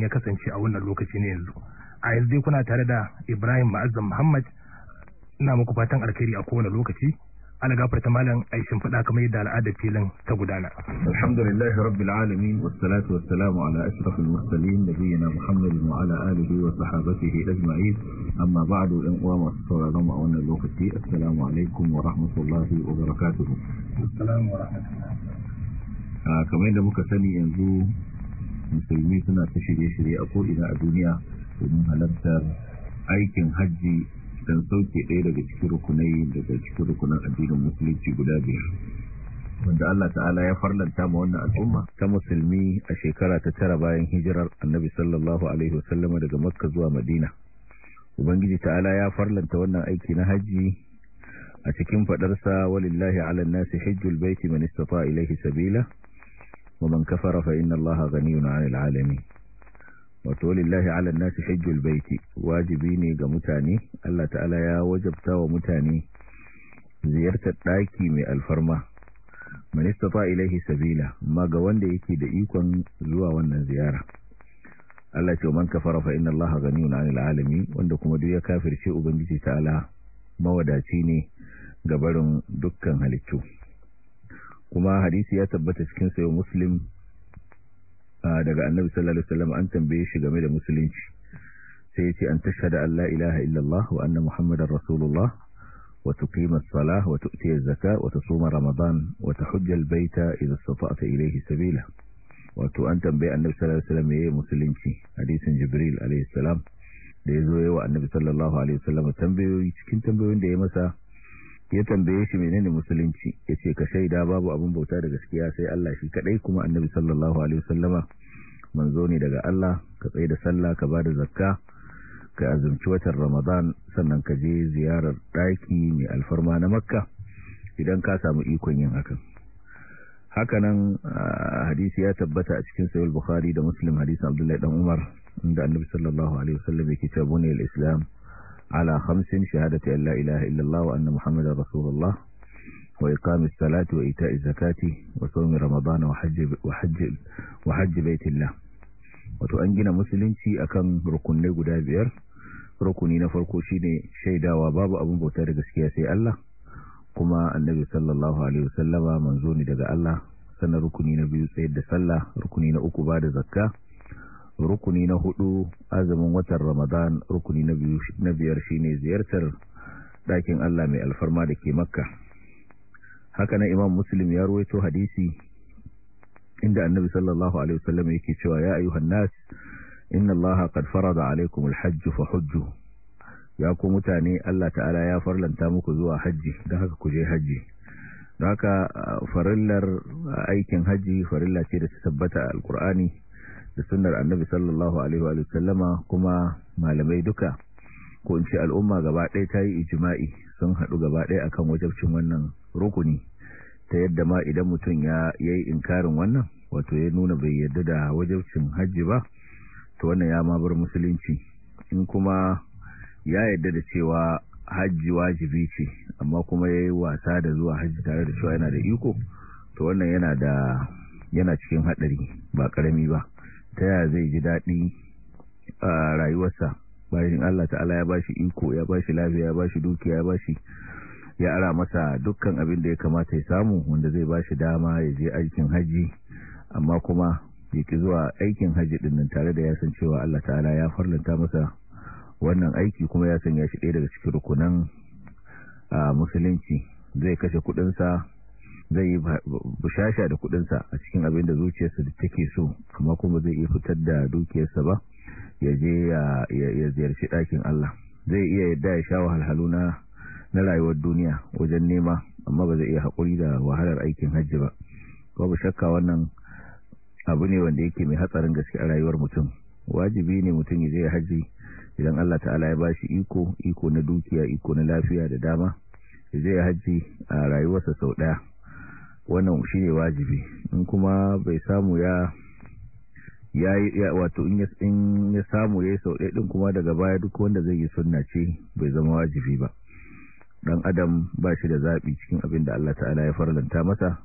ya kasance a wannan lokaci ne yanzu a yanzu dai kuna tare da ibrahim ma'azzam muhammad ina muku fatan alkhairi a kowane lokaci ana gafarta malam aishin fada kamar yadda al'ada filin ta gudana alhamdulillahi rabbil alamin wassalatu wassalamu ala ashrafil mursalin nabiyina muhammadin wa ala alihi wa sahbihi ajma'in amma ba'du in uwa masu sauraron a wannan lokaci assalamu alaikum wa rahmatullahi wa barakatuh assalamu wa ah, kamar yadda muka sani yanzu musulmi suna ta shirye-shirye a ko'ina a duniya domin halartar aikin hajji don sauke ɗaya daga cikin rukunai daga cikin rukunan addinin musulunci guda biyar wanda Allah ta'ala ya farlanta ma wannan al'umma ta musulmi a shekara ta tara bayan hijirar annabi sallallahu alaihi daga makka zuwa madina ubangiji ta'ala ya farlanta wannan aiki na hajji a cikin fadarsa walillahi ala nasi hajjul baiti man istata ilayhi sabila wa man kafara fa inna allaha wato lillahi 'ala nasi hajjul baiti wajibi ne ga mutane Allah ta'ala ya wajabta wa mutane ziyartar daki mai alfarma man ilahi ilaihi sabila maga ga wanda yake da ikon zuwa wannan ziyara Allah ce man kafara fa inna allaha ghaniyun 'anil 'alamin wanda kuma duk ya kafirce ubangiji ta'ala mawadaci ne barin dukkan halittu kuma hadisi ya tabbata cikin sayo muslim daga annabi sallallahu alaihi wasallam an tambaye shi game da musulunci sai yace an tasha an la ilaha illallah wa anna muhammadar rasulullah wa tuqima as-salah wa tu'ti az-zakah wa tusuma ramadan wa tahujja al-baita idha istata'ta ilayhi sabila wato an tambaye annabi sallallahu alaihi wasallam yayin musulunci hadisin jibril alaihi salam da yazo wa annabi sallallahu alaihi wasallam tambayoyi cikin tambayoyin da ya masa ya tambaye shi menene musulunci yace ka shaida babu abun bauta da gaskiya sai Allah shi kadai kuma annabi sallallahu alaihi wasallama manzo ne daga Allah ka tsaye da sallah ka bada zakka ka azumci watan Ramadan sannan ka je ziyarar daki mai alfarma na Makka idan ka samu ikon yin hakan hakanan hadisi ya tabbata a cikin sahih bukhari da muslim hadisin abdullahi dan umar inda annabi sallallahu alaihi wasallam yake cewa buniyal islam على خمس شهادة أن لا إله إلا الله وأن محمد رسول الله وإقام الصلاة وإيتاء الزكاة وصوم رمضان وحج, وحج, وحج بيت الله وتؤنجن مسلمتي أكم ركن لقدا بير rukuni na farko shine shaidawa babu abin bauta da gaskiya sai Allah kuma annabi sallallahu alaihi wasallama manzo ne daga Allah sannan rukuni na biyu tsayar da sallah rukuni na uku ba da zakka rukuni na hudu azumin watan ramadan rukuni na biyar shine ziyartar ɗakin Allah mai alfarma da ke makka haka na imam muslim ya ruwaito hadisi inda annabi sallallahu alaihi wasallam yake cewa ya ayyuhan nas inna allaha qad farada alaikum alhajj fa hujju ya ku mutane Allah ta'ala ya farlanta muku zuwa haji dan haka ku je haji don haka uh, farillar uh, aikin haji farilla ce da ta tabbata a alkur'ani da sunnar annabi sallallahu alaihi wa sallama kuma malamai duka ko in ce al'umma gaba ɗaya ta yi ijima'i sun haɗu gaba ɗaya akan wajabcin wannan rukuni ta yadda ma idan mutum ya yi inkarin wannan wato ya nuna bai yadda da wajabcin hajji ba to wannan ya ma bar musulunci in kuma ya yadda da cewa hajji wajibi ce amma kuma ya yi wasa da zuwa hajji tare da cewa yana da iko to wannan yana da yana cikin haɗari ba ƙarami ba ta ya zai ji daɗi a rayuwarsa bayan Allah ta'ala ya bashi iko ya bashi lafiya ya bashi dukiya ya bashi ya ara masa dukkan abin da ya kamata ya samu wanda zai bashi dama ya je aikin haji amma kuma ki zuwa aikin haji din nan tare da ya san cewa Allah ta'ala ya farlanta masa wannan aiki kuma ya sanya shi ɗaya daga cikin rukunan musulunci zai kashe kuɗinsa zai yi bushasha da kudinsa a cikin abin da zuciyarsa da take so kuma kuma zai iya fitar da dukiyarsa ba ya je ya ziyarci ɗakin Allah zai iya yadda ya sha wahalhalu na rayuwar duniya wajen nema amma ba zai iya haƙuri da wahalar aikin hajji ba babu shakka wannan abu ne wanda yake mai hatsarin gaske a rayuwar mutum wajibi ne mutum ya je hajji idan Allah ta'ala ya bashi iko iko na dukiya iko na lafiya da dama ya je hajji a rayuwarsa sau ɗaya. wannan shi ne wajibi in kuma bai samu ya wato in ya samu ya yi sau ɗaya ɗin kuma daga baya duk wanda zai yi sunna ce bai zama wajibi ba ɗan adam ba shi da zaɓi cikin abin da Allah ta'ala ya farlanta masa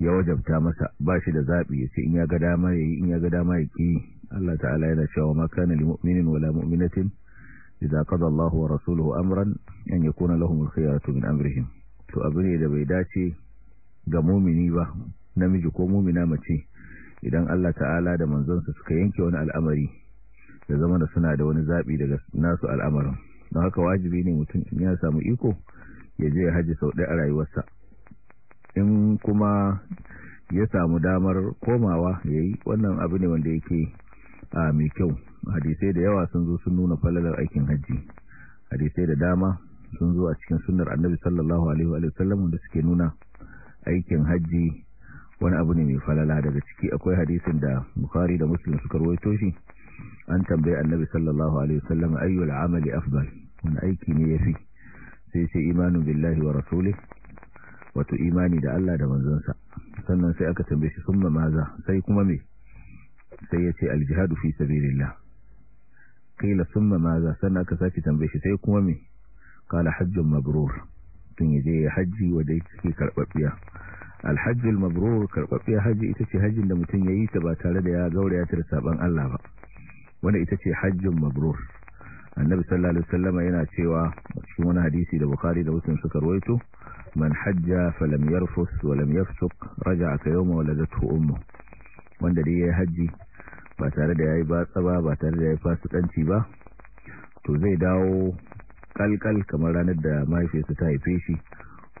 ya wajabta masa ba shi da zaɓi ya ce in ya ga dama ya yi in ya ga dama ya ƙi Allah ta'ala yana cewa ma kana limu'minin mu'minin wala mu'minatin idza qada Allahu wa rasuluhu amran an yakuna lahum al-khiyaratu min amrihim to abune da bai dace ga mumini ba namiji ko mumina mace idan Allah ta'ala da manzansa suka yanke wani al'amari da zama da suna da wani zaɓi daga nasu al'amarin don haka wajibi ne mutum in ya samu iko ya je haji sau ɗaya a rayuwarsa in kuma ya samu damar komawa ya yi wannan abu ne wanda yake a mai kyau hadisai da yawa sun zo sun nuna falalar aikin hajji hadisai da dama sun zo a cikin sunar annabi sallallahu alaihi wa sallam da suke nuna aikin hajji wani abu ne mai falala daga ciki akwai hadisin da mukari da muslim suka rawaito shi an tambaye annabi sallallahu alaihi wasallam ayyul amali afdal wani aiki ne yafi sai sai imanu billahi wa rasulih wato imani da Allah da manzonsa sannan sai aka tambaye shi summa maza sai kuma me sai yace aljihadu fi sabilillah kila summa maza sannan aka saki tambaye shi sai kuma me qala hajjun mabrur tun ya je ya hajji wadda yake karɓaɓɓiya alhajji mabrur karɓaɓɓiya hajji ita ce hajjin da mutum ya yi ta ba tare da ya gauraya ta da saban Allah ba wanda ita ce hajjin mabrur annabi sallallahu alaihi wasallam yana cewa cikin wani hadisi da bukhari da muslim suka rawaito man hajja falam yarfus wa lam yafsuq raja'a ka yawma waladatu ummu wanda dai yayi hajji ba tare da yayi batsa ba ba tare da yayi fasikanci ba to zai dawo kalkal kamar ranar da mahaifinsa ta haife shi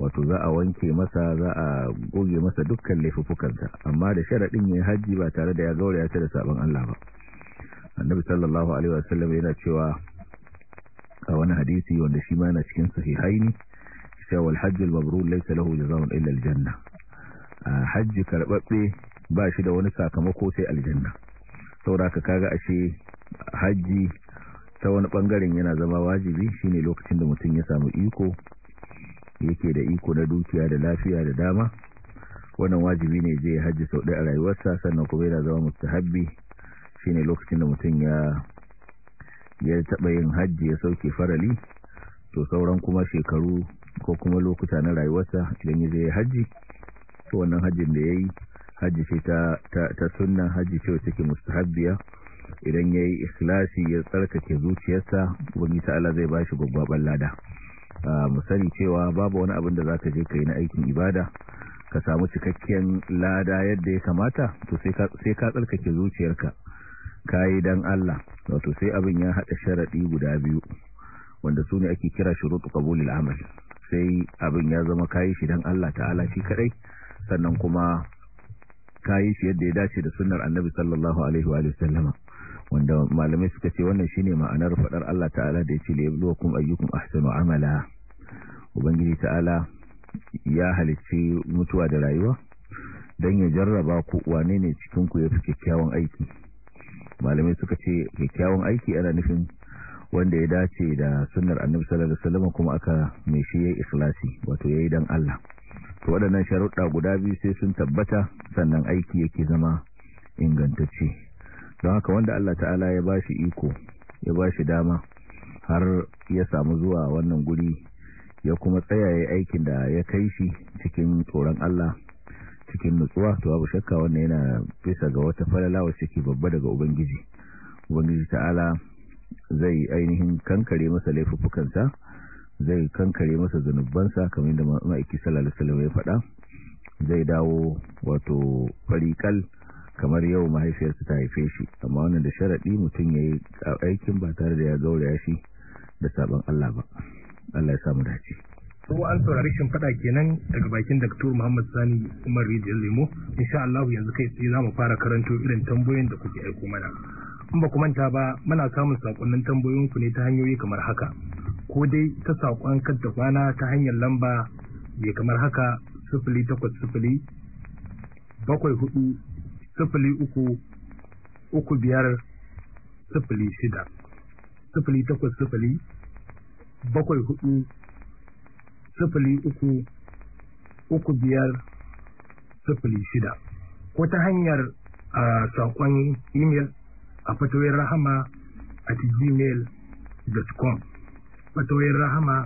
wato za a wanke masa za a goge masa dukkan laifukansa amma da sharaɗin ya yi hajji ba tare da ya gauraya ta da sabon Allah ba annabi sallallahu alaihi wasallam yana cewa a wani hadisi wanda shi ma yana cikin sahihaini cewa al-hajj al-mabrur laysa lahu jazaa'un illa al-janna hajji karbabbe ba shi da wani sakamako sai aljanna saboda kaga ashe hajji ta wani bangaren yana zama wajibi shine lokacin da mutum ya samu iko yake da iko na dukiya da lafiya da dama wannan wajibi ne zai hajji sau ɗaya a rayuwarsa sannan kuma yana zama mustahabbi shine lokacin da mutum ya taɓa yin hajji ya sauke farali to sauran kuma shekaru ko kuma lokuta na rayuwarsa idan ya zai hajji to wannan hajjin da ya yi hajji ce ta sunna hajji ce wacce ke mustahabbiya idan ya yi ikhlasi ya tsarkake zuciyarsa wani ta'ala zai ba shi gwaggwaban lada mu sani cewa babu wani abin da za ka je ka yi na aikin ibada ka samu cikakken lada yadda ya kamata to sai ka tsarkake zuciyarka ka yi don Allah wato sai abin ya haɗa sharaɗi guda biyu wanda su ne ake kira shirutu qabulil amal sai abin ya zama ka yi shi don Allah ta'ala shi kaɗai, sannan kuma ka yi shi yadda ya dace da sunar annabi sallallahu alaihi wa sallama wanda malamai suka ce wannan shine ma'anar faɗar Allah ta'ala da ya yace la yabluwakum ayyukum ahsanu amala ubangiji ta'ala ya halicci mutuwa da rayuwa dan ya jarraba ku wane ne cikin ku yafi kyakkyawan aiki malamai suka ce kyakkyawan aiki ana nufin wanda ya dace da sunar annabi sallallahu alaihi kuma aka mai shi yayi ikhlasi wato yayi dan Allah to waɗannan sharuɗa guda biyu sai sun tabbata sannan aiki yake zama ingantacce don haka wanda Allah ta'ala ya ba shi iko ya ba shi dama har ya samu zuwa wannan guri ya kuma tsayaye aikin da ya kai shi cikin tsoron Allah cikin nutsuwa to babu shakka wanda yana bisa ga wata falala wacce ke babba daga ubangiji ubangiji ta'ala zai ainihin kankare masa laifuffukansa zai kankare masa zunubansa kamar yadda ma'aiki sallallahu alaihi wasallam ya faɗa zai dawo wato fariƙal kamar yau mahaifiyarsa ta haife shi amma wannan da sharaɗi mutum ya yi aikin ba tare da ya gauraya shi da sabon Allah ba Allah ya samu dace ko an saurari shin fada kenan daga bakin Dr. Muhammad Sani Umar Rijal Lemo insha Allah yanzu kai sai zamu fara karanto irin tambayoyin da kuke aiko mana in ba ku manta ba muna samun sakonnin tambayoyin ku ne ta hanyoyi kamar haka ko dai ta sakon kadda kwana ta hanyar lamba ne kamar haka sifili sifili bakwai hudu sifili uku uku biyar sifili shida sifili takwas sifili bakwai hudu sifili uku uku biyar sifili shida ko ta hanyar a saƙon imel a fatoyin rahama at gmail.com fatoyin rahama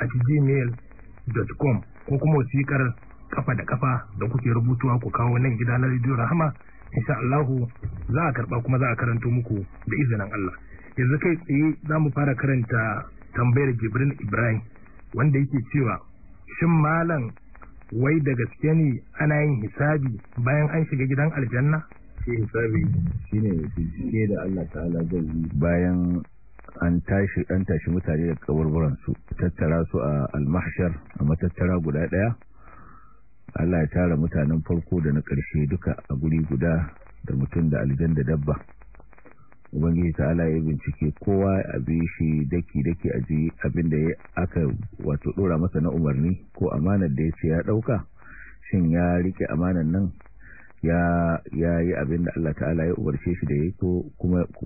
at gmail.com ko kuma wasiƙar kafa da kafa da kuke rubutuwa ku kawo nan gida na rediyo rahama insha Allah za a karba kuma za a karanto muku da izinin Allah yanzu kai tsaye za mu fara karanta tambayar jibril Ibrahim wanda yake cewa shin malam wai da gaske ne ana yin hisabi bayan an shiga gidan aljanna shi hisabi shine bincike da Allah ta'ala zai yi bayan an tashi an tashi mutane da kaburburan su tattara su a almahshar a matattara guda daya Allah ya tara mutanen farko da na ƙarshe duka a guri guda da mutum da aljan da dabba ubangiji ta ala ya bincike kowa a bi shi daki-daki a ji abinda ya aka wato ɗora masa na umarni ko amanar da ya ce ya ɗauka shin ya rike amanar nan ya yi abinda Allah ta'ala ya umarce shi da ya ko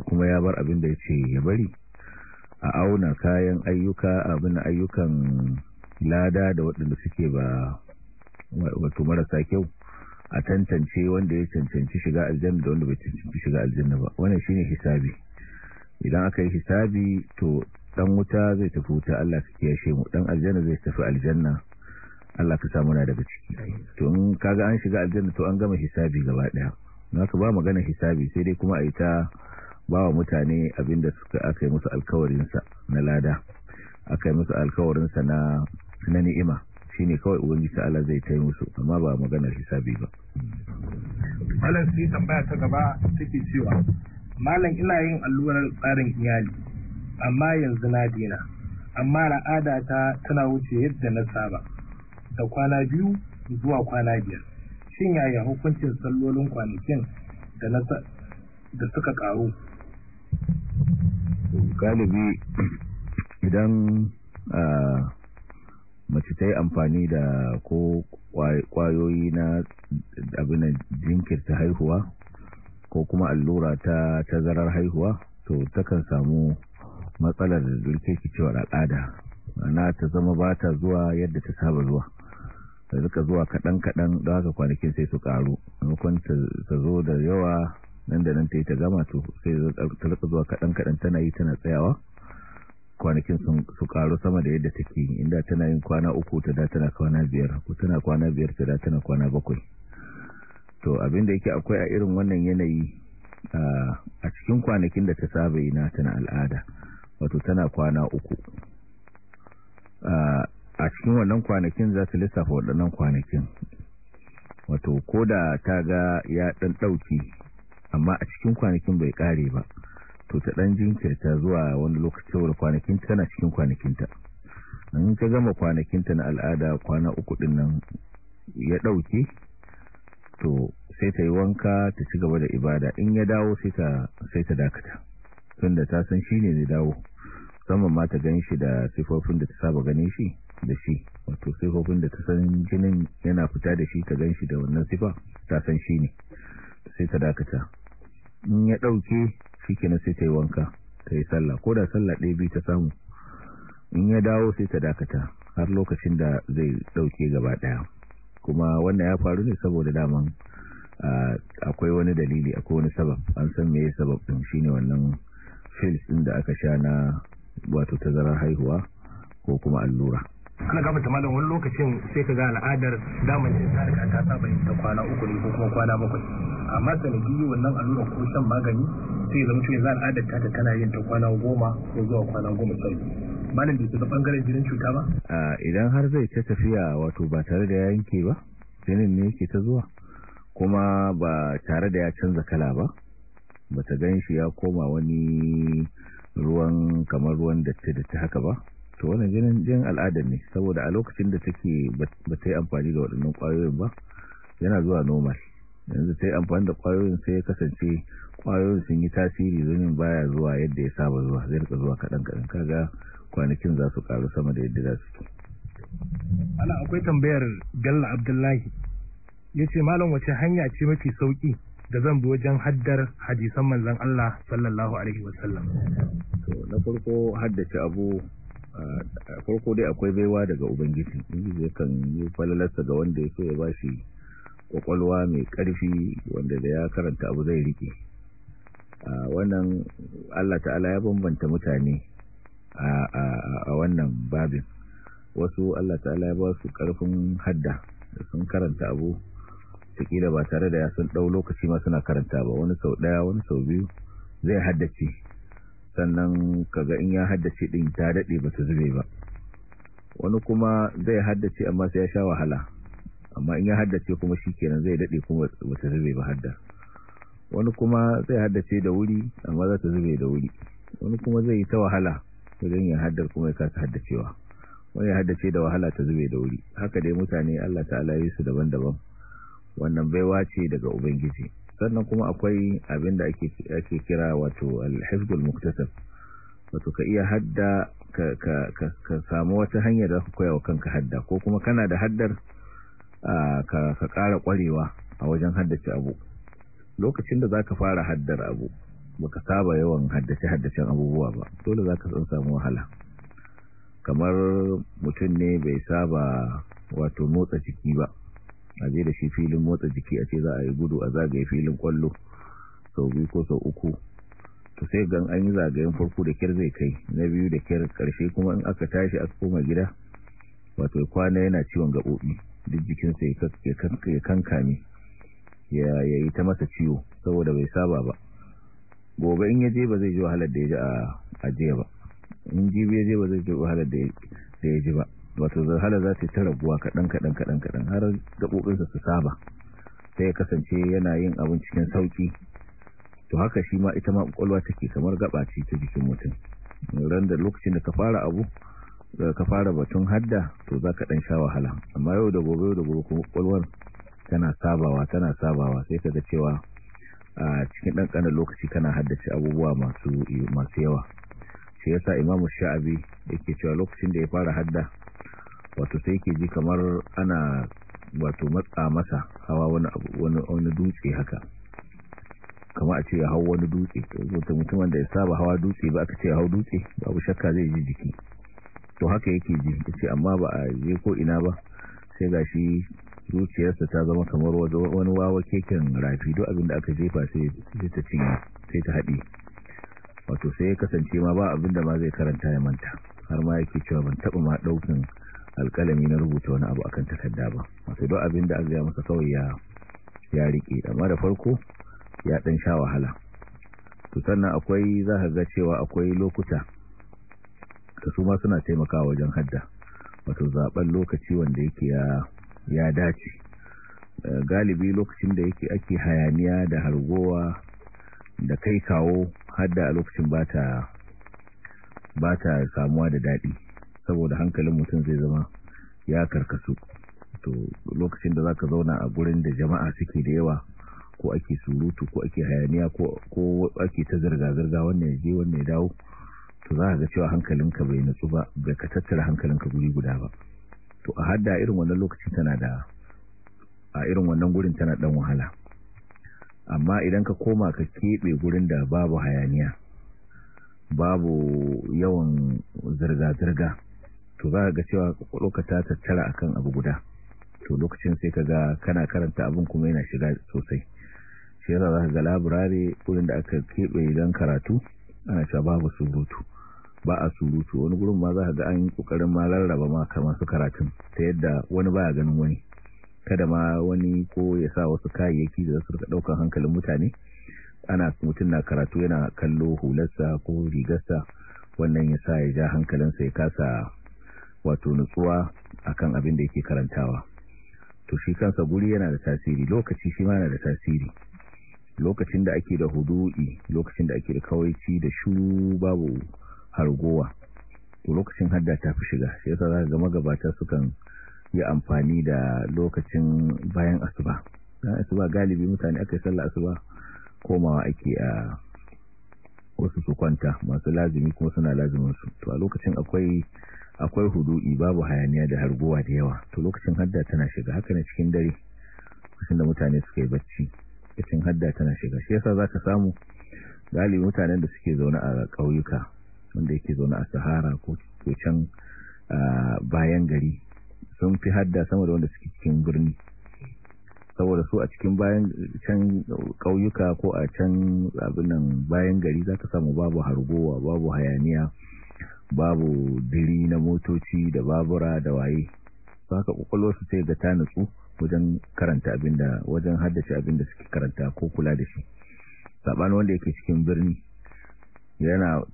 kuma ya bar abinda ya ce ya bari a auna kayan ayyuka abin ayyukan lada da waɗanda suke ba wato marasa kyau a tantance wanda ya cancanci shiga aljanna da wanda bai cancanci shiga aljanna ba wannan shine hisabi idan aka yi hisabi to dan wuta zai tafi wuta Allah ka kiyashe mu dan aljanna zai tafi aljanna Allah ka samu na daga ciki to in kaga an shiga aljanna to an gama hisabi gaba daya ka ba magana hisabi sai dai kuma a yi ta ba wa mutane abinda suka aka yi musu sa na lada aka yi musu alkawarinsa na ni'ima ne kawai ubangiji Allah zai tayi musu amma ba magana hisabi ba malam sai tambaya ta gaba take cewa malam ina yin allurar tsarin iyali amma yanzu na dina amma al'ada ta tana wuce yadda na saba da kwana biyu zuwa kwana biyar shin yaya hukuncin sallolin kwanakin da da suka karu galibi idan ah, mace ta yi amfani da ko kwayoyi na abinan jinkirta haihuwa ko kuma allura ta tazarar haihuwa to takan samu matsalar rikicewar al'ada ana ta zama ba ta zuwa yadda ta saba zuwa da zuka zuwa kaɗan-kaɗan don haka kwanakin sai su ƙaru nukon ta zo da yawa nan da nan ta yi ta gama to sai ta zuwa kaɗan-kaɗan tana yi tana tsayawa kwanakin su karu sama da yadda take inda tana yin kwana uku ta da tana kwana biyar ko tana kwana biyar ta da tana kwana bakwai to abin da yake akwai a irin wannan yanayi a cikin kwanakin da ta saba yi na tana al'ada wato tana kwana uku a cikin wannan kwanakin za ta lissafa waɗannan kwanakin wato ko da ta ga ya ɗan ɗauki amma a cikin kwanakin bai ƙare ba to ta dan jinkirta zuwa wani lokaci da kwanakin tana cikin kwanakinta in ta gama kwanakinta na al'ada kwana uku din nan ya dauke to sai ta yi wanka ta ci gaba da ibada in ya dawo sai ta sai ta dakata tunda ta san shine ne dawo saman ma ta ganshi shi da sifofin da ta saba gani shi da shi wato sifofin da ta san jinin yana fita da shi ta gan shi da wannan sifa ta san shi ne sai ta dakata in ya ɗauke kenan sai ta yi wanka ta yi sallah ko da sallah ɗaya biyu ta samu in ya dawo sai ta dakata har lokacin da zai ɗauke gaba ɗaya kuma wannan ya faru ne saboda daman akwai wani dalili akwai wani sabab an san me sabab din shine wannan fils ɗin da aka sha na wato tazarar haihuwa ko kuma allura ana gafata malam wani lokacin sai ka ga al'adar daman jin ta riga ta saba yin ta kwana uku ne ko kuma kwana bakwai amma sanadiyi wannan allurar ko shan magani sai zama cewa al'adar ta tana yin ta kwana goma ko zuwa kwana goma sai malam bai ta bangaren jinin cuta ba idan har zai ta tafiya wato ba tare da ya yanke ba jinin ne yake ta zuwa kuma ba tare da ya canza kala ba bata gan shi ya koma wani ruwan kamar ruwan datti ta haka ba to wannan jinin jinin al'adar ne saboda a lokacin da take ba ta yi amfani da waɗannan ƙwayoyin ba yana zuwa normal yanzu ta yi amfani da ƙwayoyin sai ya kasance ƙwayoyin sun yi tasiri zunin baya zuwa yadda ya saba zuwa zai rika zuwa kaɗan kaɗan kaga kwanakin za su ƙaru sama da yadda za su ana akwai tambayar galla abdullahi ya ce malam wace hanya ce mafi sauki da zan bi wajen haddar hadisan manzon Allah sallallahu alaihi wasallam to na farko haddace abu farko dai akwai baiwa daga ubangiji zai yakan yi falalarsa ga wanda ya so ya ba shi kwakwalwa mai karfi wanda da ya karanta abu zai rike wannan Allah ta'ala ya bambanta mutane a wannan babin wasu Allah ta'ala ya ba su karfin hadda da sun karanta abu takila ba tare da ya sun ɗau lokaci ma suna karanta ba wani sau ɗaya wani sau biyu zai haddace sannan kaga in ya haddace din ta dade ba ta zube ba wani kuma zai haddace amma sai ya sha wahala amma in ya haddace kuma shikenan zai dade kuma ba ta zube ba hadda wani kuma zai haddace da wuri amma za ta zube da wuri wani kuma zai yi ta wahala wajen ya haddar kuma ya kasa haddacewa wani ya haddace da wahala ta zube da wuri haka dai mutane Allah ta'ala yi su daban-daban wannan baiwa ce daga ubangiji sannan kuma akwai abin da ake kira wato al muktasab wato ka iya hadda ka samu wata hanyar da ka koya kanka hadda ko kuma kana da haddar ka kara ƙwarewa a wajen haddace abu lokacin da zaka fara haddar abu baka saba yawan haddace haddacen abubuwa ba dole za ka san samu wahala kamar mutum ne bai saba wato motsa jiki ba a je da shi filin motsa jiki a ce za a yi gudu a zagaye filin kwallo sau biyu ko sau uku to sai gan an yi zagayen farko da kyar zai kai na biyu da kyar karshe kuma in aka tashi aka koma gida wato kwana yana ciwon gaɓoɓi duk jikinsa ya ne ya yi ta masa ciwo saboda bai saba ba gobe in ya je ba zai ji wahalar da ya ji a jiya ba in jibi ya je ba zai ji wahalar da ya ji ba wato zarhala za ta yi rabuwa kaɗan kaɗan kaɗan kaɗan har gaɓoɓinsa su saba sai ya kasance yana yin abin cikin sauƙi to haka shi ma ita ma ƙwaƙwalwa take kamar gaɓaci ta jikin mutum ran da lokacin da ka fara abu da ka fara batun hadda to za ka ɗan sha wahala amma yau da gobe yau da gobe kuma ƙwaƙwalwar tana sabawa tana sabawa sai ka ga cewa a cikin ɗan ƙanar lokaci kana haddace abubuwa masu yawa shi yasa imamu sha'abi yake cewa lokacin da ya fara hadda wato sai ke ji kamar ana wato matsa masa hawa wani wani dutse haka kama a ce ya hau wani dutse wato mutumin da ya saba hawa dutse ba aka ce ya hau dutse babu shakka zai ji jiki to haka yake ji ce amma ba a je ko ina ba sai gashi zuciyarsa ta zama kamar wani wawa keken rafi duk abin da aka jefa sai ta cinye sai ta haɗe wato sai ya kasance ma ba abin da ma zai karanta ya manta har ma yake cewa ban taɓa ma ɗaukin alkalami na rubuta wani abu akan takarda ba wato don abin da aka masa kawai ya ya rike amma da farko ya ɗan sha wahala to sannan akwai za ka ga cewa akwai lokuta da su ma suna taimakawa wajen hadda wato zaben lokaci wanda yake ya ya dace eh, galibi lokacin da yake ake hayaniya da hargowa da kai kawo hadda a lokacin ba ta samuwa da daɗi saboda hankalin mutum zai zama ya karkasu to lokacin da zaka zauna a gurin da jama'a suke da yawa ko ake surutu ko ake hayaniya ko ake ta zirga-zirga wannan ya je wannan ya dawo to za ga cewa hankalinka bai natsu ba bai ka tattara hankalinka guri guda ba to a hadda irin wannan lokacin tana da a irin wannan gurin tana dan wahala amma idan ka koma ka keɓe gurin da babu hayaniya babu yawan zirga-zirga to za ga cewa kwakwalwarka ta tattara akan abu guda to lokacin sai ka ga kana karanta abin kuma yana shiga sosai shi yana za ga laburare wurin da aka keɓe don karatu ana cewa babu surutu ba a surutu wani gurin ma za ka ga an yi kokarin ma rarraba ma kamar su karatun ta yadda wani baya ganin wani kada ma wani ko ya sa wasu kayayyaki da su rika ɗaukar hankalin mutane ana mutum na karatu yana kallo hularsa ko rigarsa wannan ya sa ya ja hankalinsa ya kasa wato nutsuwa akan abin da yake karantawa to shi kansa guri yana da tasiri lokaci shi ma yana da tasiri lokacin da ake da hudu'i lokacin da ake da kawaici da shuru babu hargowa to lokacin hadda ta fi shiga shi yasa zaka ga magabata sukan yi amfani da lokacin bayan asuba bayan asuba galibi mutane aka yi sallah asuba komawa ake a wasu su kwanta masu lazimi kuma suna lazimin su to a lokacin akwai akwai hudu'i babu hayaniya da harbuwa da yawa to lokacin hadda tana shiga haka ne cikin dare lokacin da mutane suka yi bacci lokacin hadda tana shiga shi yasa zaka samu gali mutanen da suke zaune a ƙauyuka wanda yake zaune a sahara ko can bayan gari sun fi hadda sama da wanda suke cikin birni saboda su a cikin bayan can ƙauyuka ko a can abinan bayan gari za ka samu babu hargowa babu hayaniya babu diri na motoci da babura da waye haka su sai ga ta nutsu wajen karanta abinda wajen haddace abinda suke karanta ko kula da shi saɓanin wanda yake cikin birni yana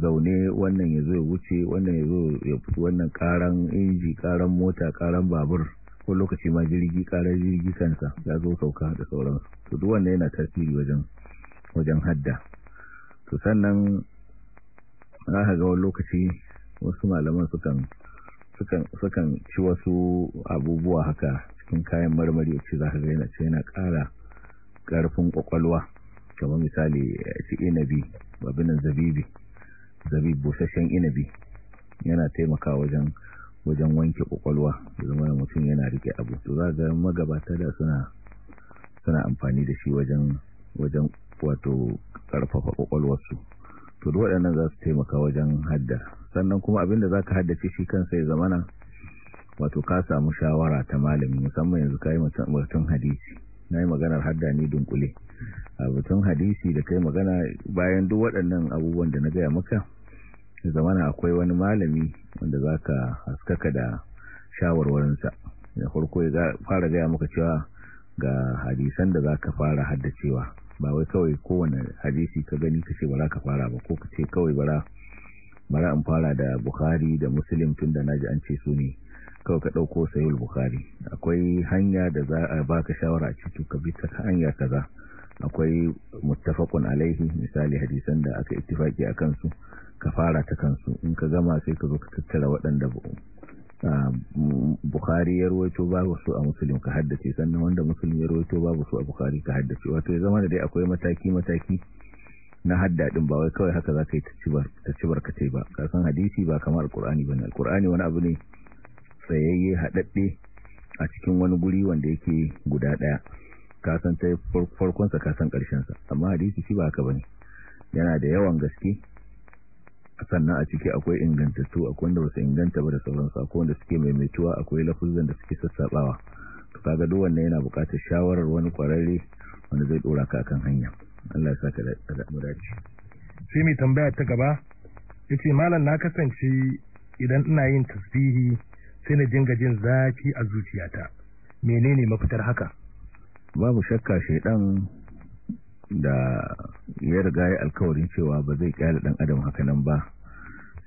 zaune wannan ya zo ya wuce wannan ya zo ya fito wannan karan inji karan mota karan babur ko lokaci ma jirgi karan jirgi kansa ya zo sauka da sauransu to duk wanda yana tasiri wajen wajen hadda to sannan za ka ga wani lokaci wasu malaman sukan sukan ci wasu abubuwa haka cikin kayan marmari ce za ka ga yana ce yana ƙara ƙarfin kwakwalwa kamar misali eh, ci inabi babinan zabibi zabib busasshen inabi yana taimaka wajen wajen wanke ƙwaƙwalwa da da mutum yana rike abu to za ga magabata da suna suna amfani da shi wajen wajen wato ƙarfafa ƙwaƙwalwarsu to waɗannan za su taimaka wajen hadda sannan kuma abinda za ka haddace shi kan ya zamana wato ka samu shawara ta malami musamman yanzu ka yi mutum hadisi na yi maganar hadda ne dunkule a mutum hadisi da kai magana bayan duk waɗannan abubuwan da na gaya maka ya zamana akwai wani malami wanda za ka haskaka da shawarwarinsa da farko ya fara gaya maka cewa ga hadisan da za ka fara haddacewa ba wai kawai kowane hadisi ka gani ka ce ba za ka fara ba ko ka ce kawai bara an fara da bukhari da musulun tun da naji an ce su ne kawai ka ɗauko sayul bukhari akwai hanya da za a ba ka shawara a cikin ka bi ta hanya kaza akwai mutafakun alaihi misali hadisan da aka ittifaki a kansu ka fara ta kansu in ka gama sai ka zo ka tattara waɗanda bukhari ya rawaito babu su a musulun ka haddace sannan wanda musulun ya rawaito babu su a bukhari ka haddace wato ya zama da dai akwai mataki mataki na haddadin ba wai kawai haka zaka yi ta ci ce ba kasan hadisi ba kamar ba ne al'kur'ani wani abu ne tsayayye hadadde a cikin wani guri wanda yake guda daya kasan ta farkonsa kasan amma hadisi shi ba haka ne yana da yawan gaske sannan a ciki akwai ingantattu akwai wanda wasu inganta ba da sauransu akwai wanda suke maimaituwa akwai lafuzan da suke sassaɓawa to kaga duk wannan yana buƙatar shawarar wani kwararre wanda zai dora ka akan hanya Allah ya saka da muraci sai mai tambaya ta gaba yace malam na kasance idan ina yin tasbihi sai na dinga jin zafi a zuciyata menene mafitar haka babu shakka shaidan da ya riga ya alkawarin cewa ba zai kyale dan adam hakanan ba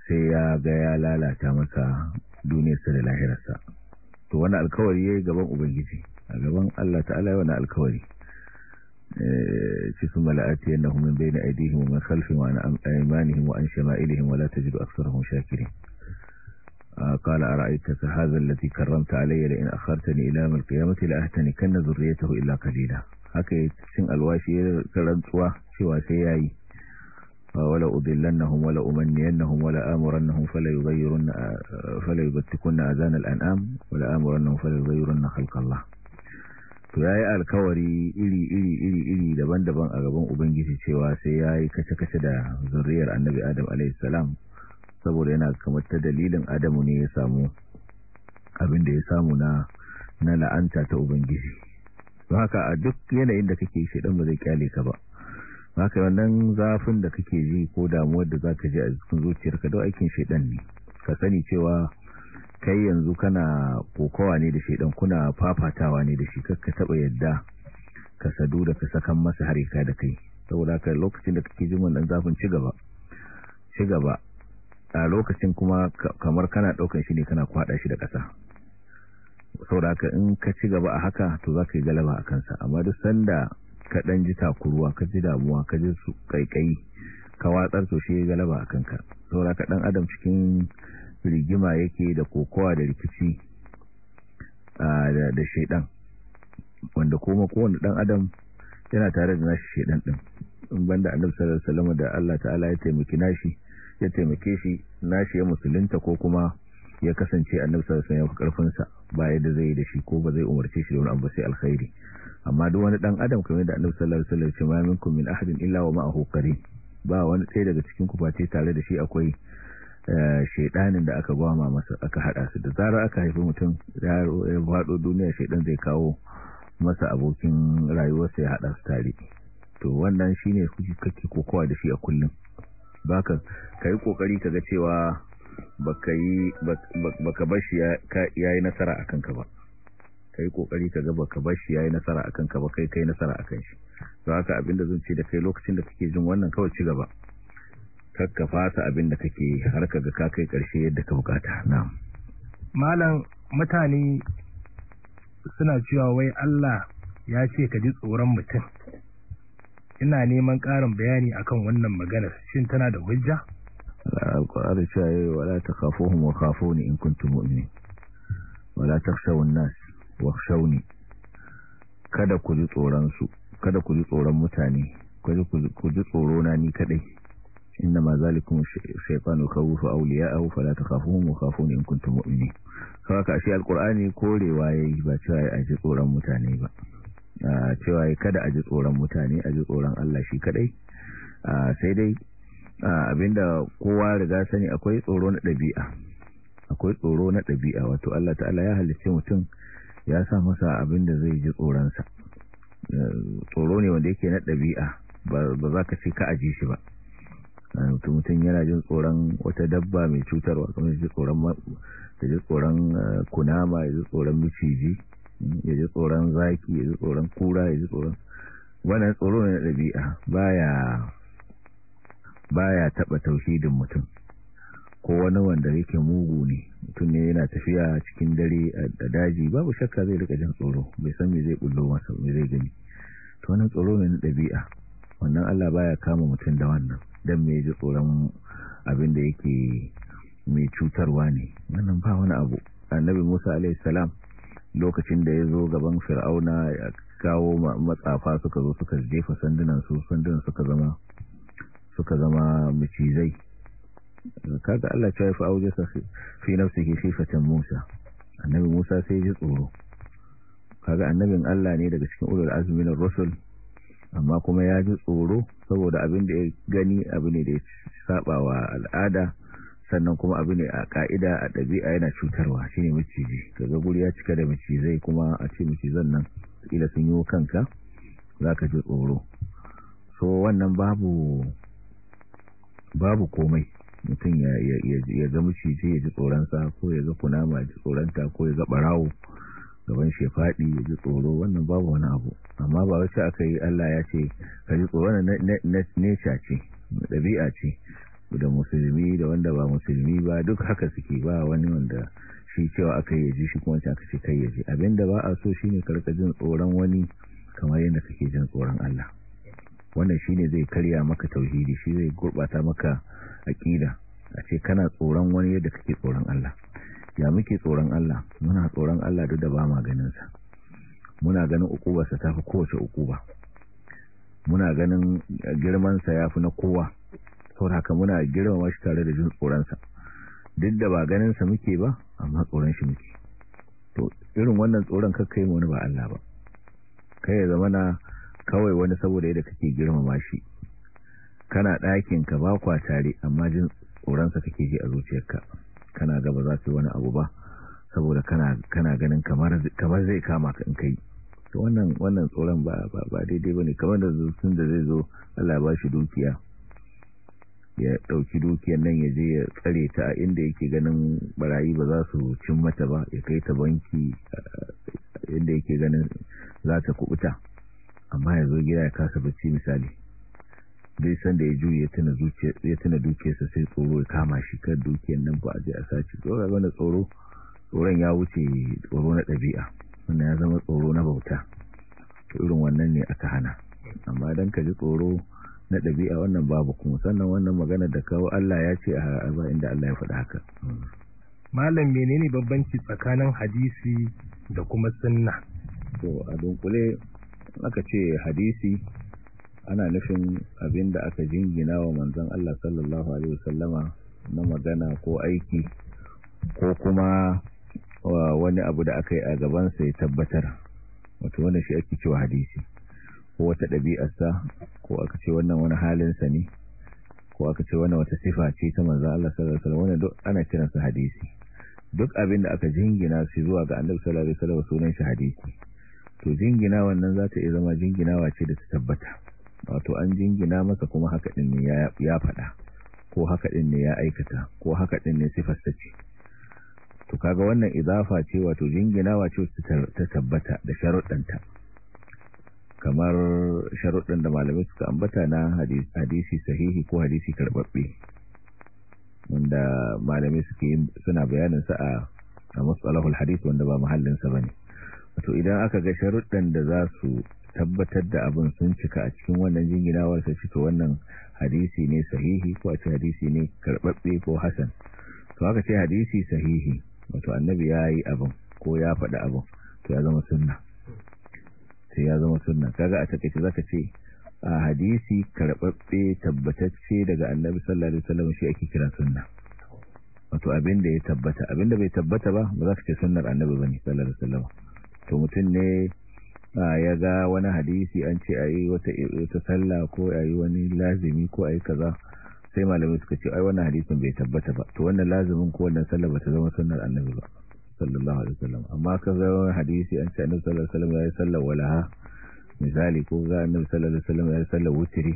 sai ya ga ya lalata masa duniyarsa da lahirarsa to wani alkawari ya yi gaban ubangiji a gaban Allah ta'ala ya wani alkawari eh, cikin mala'ati yana hunin bai na aidihin wa masalfin wa imanihim wa an shama'ilihim wa la a aksarahum shakirin قال أرأيتك هذا الذي كرمت علي لئن أخرتني إلى يوم القيامة لأهتنكن ذريته إلا قليلا aka yi cin alwashi ya rantsuwa cewa sai yayi wala udillannahum wala umanniyannahum wala na fala yughayyirunna fala yubtikunna azan al'anam wala amurannahum fala na khalqallah to yayi alkawari iri iri iri daban-daban a gaban ubangiji cewa sai yayi kace-kace da zurriyar annabi adam alayhi saboda yana kamar ta dalilin adamu ne ya samu abin da ya samu na na la'anta ta ubangiji don haka a duk yanayin da kake dan ba zai kyale ka ba haka wannan zafin da kake ji ko damuwar da ka ji a cikin zuciyarka don aikin shaidan ne ka sani cewa kai yanzu kana kokowa ne da shaidan kuna fafatawa ne da shi kakka taba yadda ka sadu da ka sakan masa harika da kai saboda kai lokacin da kake jin wannan zafin ci gaba ci gaba a lokacin kuma kamar kana daukan shi ne kana kwada shi da kasa saboda in ka ci gaba a haka to za ka yi galaba a kansa amma duk sanda ka ɗan ji takuruwa ka ji damuwa ka ji su ƙaiƙayi ka watsar to shi galaba a kanka saboda ɗan adam cikin rigima yake da kokowa da rikici da shaidan wanda kuma kowane ɗan adam yana tare da nashi shaidan ɗin in banda annabi sallallahu da Allah ta'ala ya taimaki nashi ya taimake shi nashi ya musulunta ko kuma ya kasance annab sallallahu salama ya fi karfin sa ba yadda zai yi da shi ko ba zai umarce shi da wani abu sai alkhairi amma duk wani dan adam kamar da annabi sallallahu alaihi wasallam ya ce ma minkum min ahadin illa wa ma'ahu qarin ba wani tsaye daga cikin ku face tare da shi akwai eh, shedanin da aka gwama masa aka hada su da zarar aka haifi mutum ya fado duniya shaiɗan zai kawo masa abokin rayuwarsa ya hada su tare to wannan shine kuke kake kokowa da shi a kullum baka kai kokari kaga cewa baka bashi ya yi nasara a kanka ba kai kokari ka ga ka bashi ya yi nasara a kanka ba kai kai nasara a kanshi don haka abinda zan ce da kai lokacin da kake jin wannan kawai ci gaba kakka fasa abinda kake har ka ga ka kai karshe yadda ka bukata na'am malam mutane suna cewa wai Allah ya ce ka ji tsoron mutum ina neman ƙarin bayani akan wannan maganar shin tana da hujja alqur'ani cewa wala takhafuhum wa ni in kuntum mu'minin wala takhshawun nas kada ku ji tsoron su kada ku ji tsoron mutane kada ku ji tsoro na ni kadai inna ma zalikum shaytanu khawfu awliya'ahu fala takhafuhum wa khafuni in kuntum mu'minin haka shi alqur'ani korewa yayi ba cewa a ji tsoron mutane ba cewa kada a ji tsoron mutane a ji tsoron Allah shi kadai sai dai abinda kowa riga sani akwai tsoro na ɗabi'a akwai tsoro na ɗabi'a wato Allah ta'ala ya halice mutum ya sa masa abinda zai ji tsoronsa eh, tsoro ne wanda yake na ɗabi'a ba za ka ce ka aji shi ba mutum yana jin tsoron wata dabba mai cutarwa kuma ya ji tsoron eh, kunama ya ji tsoron miciji hmm, ya ji tsoron zaki ya ji tsoron kura ya ji tsoron wannan tsoro ne na ɗabi'a baya baya taba tauhidin mutum ko wani wanda yake mugu ne mutum ne yana tafiya cikin dare a daji babu shakka zai rika jin tsoro bai san me zai bullo masa me zai gani to wannan tsoro ne na dabi'a wannan Allah baya kama mutum da wannan dan me ji tsoron abin da yake mai cutarwa ne wannan ba wani abu annabi Musa alaihi salam lokacin da ya zo gaban fir'auna ya kawo matsafa suka zo suka jefa sandunan su sandunan suka zama suka zama macizai kaga Allah ya yi fa'auje sa fi nafsihi khifatan Musa annabi Musa sai ji tsoro kaga annabin Allah ne daga cikin ulul azmi na rusul amma kuma ya ji tsoro saboda abin da ya gani abu ne da ya saba wa al'ada sannan kuma abu ne a ka'ida a ɗabi'a yana cutarwa shine maciji kaga guri ya cika da macizai kuma a ce macizan nan ila sun yi kanka zaka ji tsoro so wannan babu babu komai mutum ya ga maciji ya ji tsoronsa ko ya ga kunama ya ji tsoronta ko ya ga barawo gaban shi faɗi ya ji tsoro wannan babu wani abu amma ba wacce aka yi Allah ya ce ka ji tsoro na nesha ce ɗabi'a ce da musulmi da wanda ba musulmi ba duk haka suke ba wani wanda shi cewa aka yi ji shi kuma ce aka ce kai ya abinda ba a so shi ne karka jin tsoron wani kamar yadda kake jin tsoron Allah wannan shine zai karya maka tauhidi shi zai gurbata maka aƙida. a ce kana tsoron wani yadda kake tsoron Allah ya muke tsoron Allah muna tsoron Allah duk da ba ma ganin sa muna ganin ukubarsa tafi kowace ukuba muna ganin girman sa yafi na kowa saboda haka muna girmama shi tare da jin tsoron duk da ba ganin muke ba amma tsoron shi muke to irin wannan tsoron kakkai mu wani ba Allah ba kai ya zama na kawai wani saboda yadda kake girmama shi kana ɗakin ka ba kwa tare amma jin tsoronsa kake ji a zuciyarka kana gaba za su yi wani abu ba saboda kana ganin kamar zai kama ka in kai to wannan wannan tsoron ba ba ba ne bane kamar da zutun da zai zo Allah ba shi dukiya ya ɗauki dukiyar nan ya je ya tsare ta a inda yake ganin barayi ba za su cin mata ba ya kai ta banki inda yake ganin za ta kubuta amma ya zo gida ya kasa bacci misali san da ya juri ya tuna dukiyarsa sai tsoro ya kama shi kan dukiyar nan ba a je a sace tsoron wanda tsoro tsoron ya wuce tsoro na ɗabi'a wanda ya zama tsoro na bauta irin wannan ne aka hana amma don ka ji tsoro na ɗabi'a wannan babu kuma sannan wannan magana da kawo Allah ya ce a ba inda Allah ya faɗa haka malam menene babbanci tsakanin hadisi da kuma sunna to a dunkule aka ce hadisi ana nufin abin da aka jingina wa manzon Allah sallallahu alaihi wasallama na magana ko aiki ko kuma wani abu da aka yi a gabansa ya tabbatar wato wannan shi ake cewa hadisi ko wata ɗabi'arsa ko aka ce wannan wani halinsa ne ko aka ce wannan wata sifa ce ta manzon Allah sallallahu alaihi wasallam duk ana kiransa hadisi duk abin da aka jingina su zuwa ga Annabi sallallahu alaihi wasallam sunan shi hadisi to jingina wannan za ta iya zama jinginawa ce da ta tabbata wato an jingina masa kuma haka din ne ya faɗa ko haka din ne ya aikata ko haka din ne sifar ta ce to kaga wannan izafa ce wato jinginawa ce ta tabbata da sharuɗanta kamar sharuɗin da malamai suka ambata na hadisi sahihi ko hadisi karɓaɓɓe wanda malamai suke suna bayanin sa a matsalahul hadisi wanda ba muhallinsa ne. to idan aka ga sharuɗan da za su tabbatar da abin sun cika a cikin wannan jinginawar ta cika wannan hadisi ne sahihi ko a ce hadisi ne karɓaɓɓe ko hasan to aka ce hadisi sahihi wato annabi ya yi abin ko ya faɗi abin to ya zama sunna sai ya zama sunna kaga a takaice zaka ce a hadisi karɓaɓɓe tabbatacce daga annabi sallallahu alaihi wasallam shi ake kira sunna wato abin da ya tabbata abin da bai tabbata ba ba za ka ce sunnar annabi bane sallallahu alaihi wasallam to mutum ne ya ga wani hadisi an ce a yi wata sallah ko a yi wani lazimi ko a yi kaza sai malamai suka ce ai wannan hadisin bai tabbata ba to wannan lazimin ko wannan sallah ba ta zama sunnar annabi ba sallallahu alaihi wasallam amma ka ga wani hadisi an ce annabi sallallahu alaihi wasallam ya yi sallah walaha misali ko ga annabi sallallahu alaihi wasallam ya yi sallah wutiri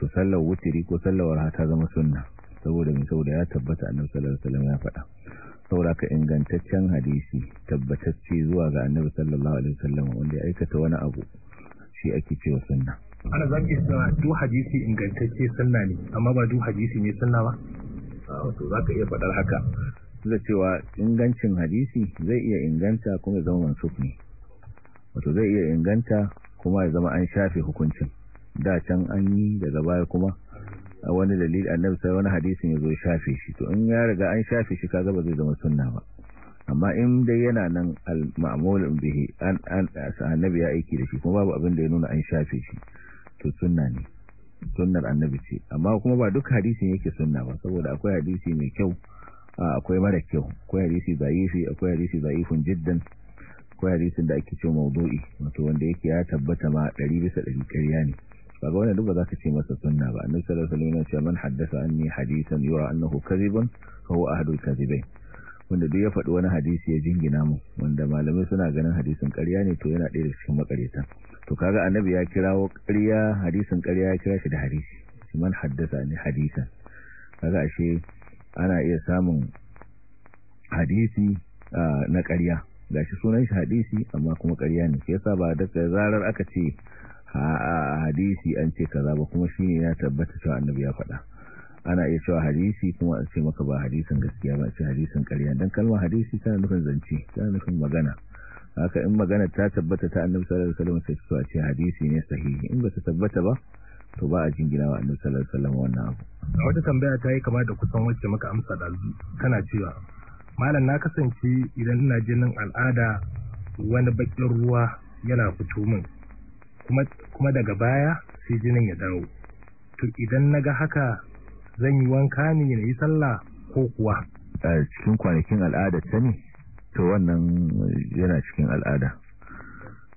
to sallar wutiri ko sallar walaha ta zama sunna saboda mai saboda ya tabbata annabi sallallahu alaihi wasallam ya faɗa sauraka ingantaccen hadisi tabbatacce zuwa ga annabi sallallahu alaihi wasallam wanda ya aikata wani abu shi ake cewa sunna ana zaki cewa duk hadisi ingantacce sunna ne amma ba duk hadisi ne sunna ba ah, to zaka iya faɗar haka Zai cewa ingancin hadisi zai iya inganta kuma zama mansuf ne wato zai iya inganta kuma ya zama an shafe hukuncin da can an yi daga baya kuma a wani dalili annabi sai wani hadisin ya zo shafe shi to in ya riga an shafe shi kaga ba zai zama sunna ba amma in dai yana nan al-ma'mulun bihi an an annabi ya aiki da shi kuma babu abin da ya nuna an shafe shi to sunna ne sunnar annabi ce amma kuma ba duk hadisin yake sunna ba saboda akwai hadisi mai kyau akwai mara kyau akwai hadisi da'ifi akwai hadisi da'ifun jiddan akwai hadisin da ake cewa mawdu'i wato wanda yake ya tabbata ma 100 bisa 100 ƙarya ne kaga wannan duba ba za ka ce masa sunna ba annabi sallallahu alaihi wasallam ya ce man haddasa anni hadithan yura annahu kadhibun fa huwa ahadul kadhibain wanda duk ya faɗi wani hadisi ya jingina mu wanda malamai suna ganin hadisin ƙarya ne to yana ɗaya da cikin makareta to kaga annabi ya kirawo ƙarya hadisin ƙarya ya kira shi da hadisi man haddasa anni hadisan kaga ashe ana iya samun hadisi na ƙarya gashi sunan shi hadisi amma kuma ƙarya ne shi yasa ba da zarar aka ce a hadisi an ce kaza ba kuma shi ne ya tabbata cewa annabi ya faɗa ana iya cewa hadisi kuma a ce maka ba hadisin gaskiya ba ce hadisin ƙarya don kalmar hadisi tana nufin zance tana nufin magana haka in magana ta tabbata ta annabi sallallahu alaihi wasallam sai su ce hadisi ne sahihi in ba ta tabbata ba to ba a jingina wa annabi sallallahu alaihi wasallam wannan abu A wata tambaya ta yi kama da kusan wacce maka amsa da kana cewa malam na kasance idan ina jinin al'ada wani bakin ruwa yana fito min kuma daga baya sai jinin ya dawo to idan naga haka zan yi wanka ne na yi sallah ko kuwa a cikin kwanakin al'ada ta ne to wannan yana cikin al'ada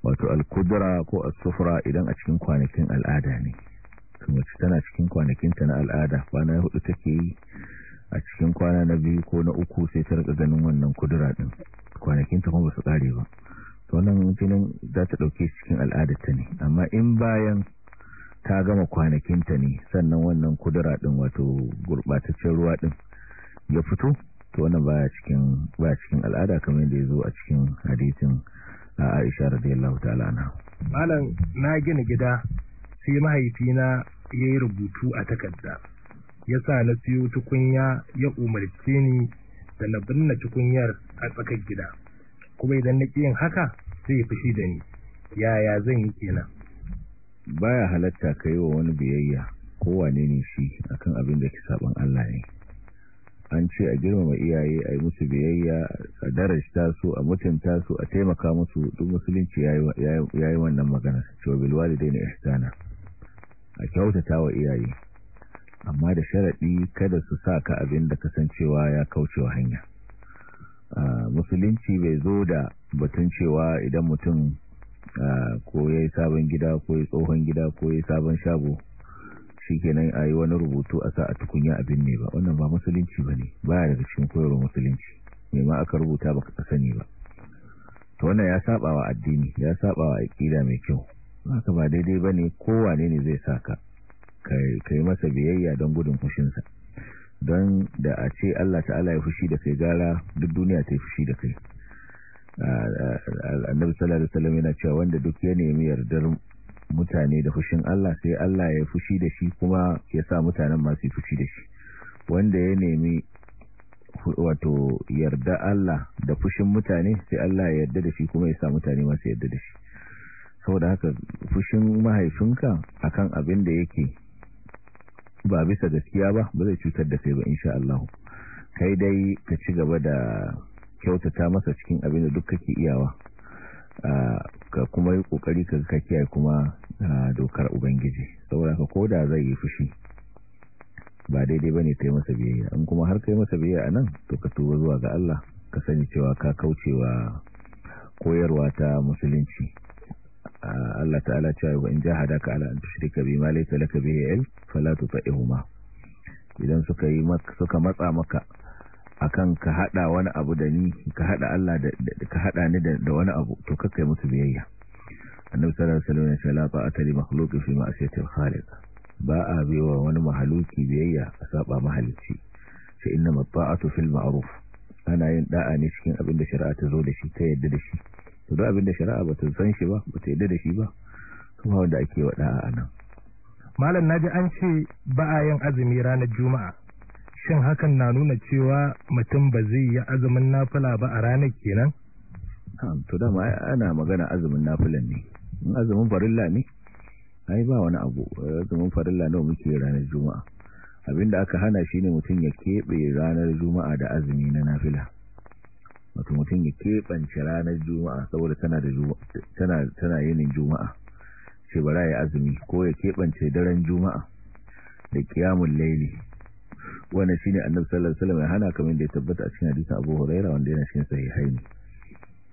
wato alkudura ko asufra idan a cikin kwanakin al'ada ne mace tana cikin kwanakin ta na al'ada kwana hudu take yi a cikin kwana na biyu ko na uku sai ta rika ganin wannan kudura din Kwanakin ta kuma ba su kare ba wannan jinin za ta ɗauke cikin al'adarta ne amma in bayan ta gama kwanakinta ne sannan wannan kudura ɗin wato gurɓataccen ruwa ɗin ya fito to wannan baya cikin baya cikin al'ada kamar da ya zo a cikin hadisin a Aisha radiyallahu ta'ala anha malam na gina gida sai mahaifina ya yi rubutu a takarda ya sa na siyo tukunya ya umarce ni da na binne tukunyar a tsakar gida kuma idan na ƙi yin haka sai ya fushi da ni yaya zan yi kenan baya halatta ka yi wa wani biyayya kowane ne shi akan abin da ke saban Allah ne an ce a girmama iyaye a yi musu biyayya a darajta su a mutunta su a taimaka musu duk musulunci ya yi wannan magana cewa bilwali dai na ihsana a kyautata wa iyaye amma da sharaɗi kada su sa ka abin da kasancewa ya kaucewa hanya musulunci bai zo da batun cewa idan mutum ko ya yi sabon gida ko ya tsohon gida ko ya sabon shago shi kenan a yi wani rubutu a sa a tukunya abin ne ba wannan ba musulunci ba ne ba ya daga cikin koyarwa musulunci mai ma aka rubuta ba ka sani ba to wannan ya saba wa addini ya saba wa aƙida mai kyau haka ba daidai ba ne kowane ne zai sa ka kai masa biyayya don gudun kushinsa don da a ce Allah ta'ala ya fushi da kai gara duk duniya ta yi fushi da kai annabi sallallahu alaihi yana cewa wanda duk ya nemi yardar mutane da fushin Allah sai Allah ya fushi da shi kuma ya sa mutanen masu fushi da shi wanda ya nemi wato yarda Allah da fushin mutane sai Allah ya yarda da shi kuma ya sa mutane masu yarda da shi saboda haka fushin mahaifinka akan abin da yake ba bisa gaskiya ba ba zai cutar da kai ba insha Allah kai dai ka ci gaba da kyautata masa cikin abin da duk kake iyawa ka kuma yi kokari ka ka kiyaye kuma dokar ubangiji saboda ka koda zai yi fushi ba daidai bane kai masa biyayya in kuma har kai masa biyayya anan to ka tuba zuwa ga Allah ka sani cewa ka kaucewa koyarwa ta musulunci Allah ta'ala cewa in jahadaka ala an tushrika bi ma laysa laka bihi ilm fala tuti'huma idan suka yi maka suka matsa maka akan ka hada wani abu da ni ka hada Allah da ka hada ni da wani abu to kakkai musu biyayya annabi sallallahu alaihi wasallam ya ce la ta'ata li makhluqi fi ma'siyati al-khaliq ba a biwa wani mahaluki biyayya a saba mahalici sai inna mata'atu fil ma'ruf ana yin da'a ne cikin abin da shari'a ta zo da shi ta yadda da shi to da abin da shari'a ba tun san shi ba ba ta yi da shi ba kuma wanda ake waɗa a nan malam na ji an ce ba a yin azumi ranar juma'a shin hakan na nuna cewa mutum ba zai yi azumin nafila ba a ranar kenan to ma ana magana azumin nafilan ne azumin farilla ne ai ba wani abu azumin farilla nawa muke ranar juma'a abinda aka hana shine mutum ya keɓe ranar juma'a da azumi na nafila wato mutum ya keɓance ranar juma'a saboda tana yinin juma'a ce bara ya azumi ko ya keɓance daren juma'a da kiyamun laili wannan shine annabi sallallahu alaihi wasallam ya hana kamar da ya tabbata a cikin hadisin Abu Hurairah wanda yana cikin sahihaini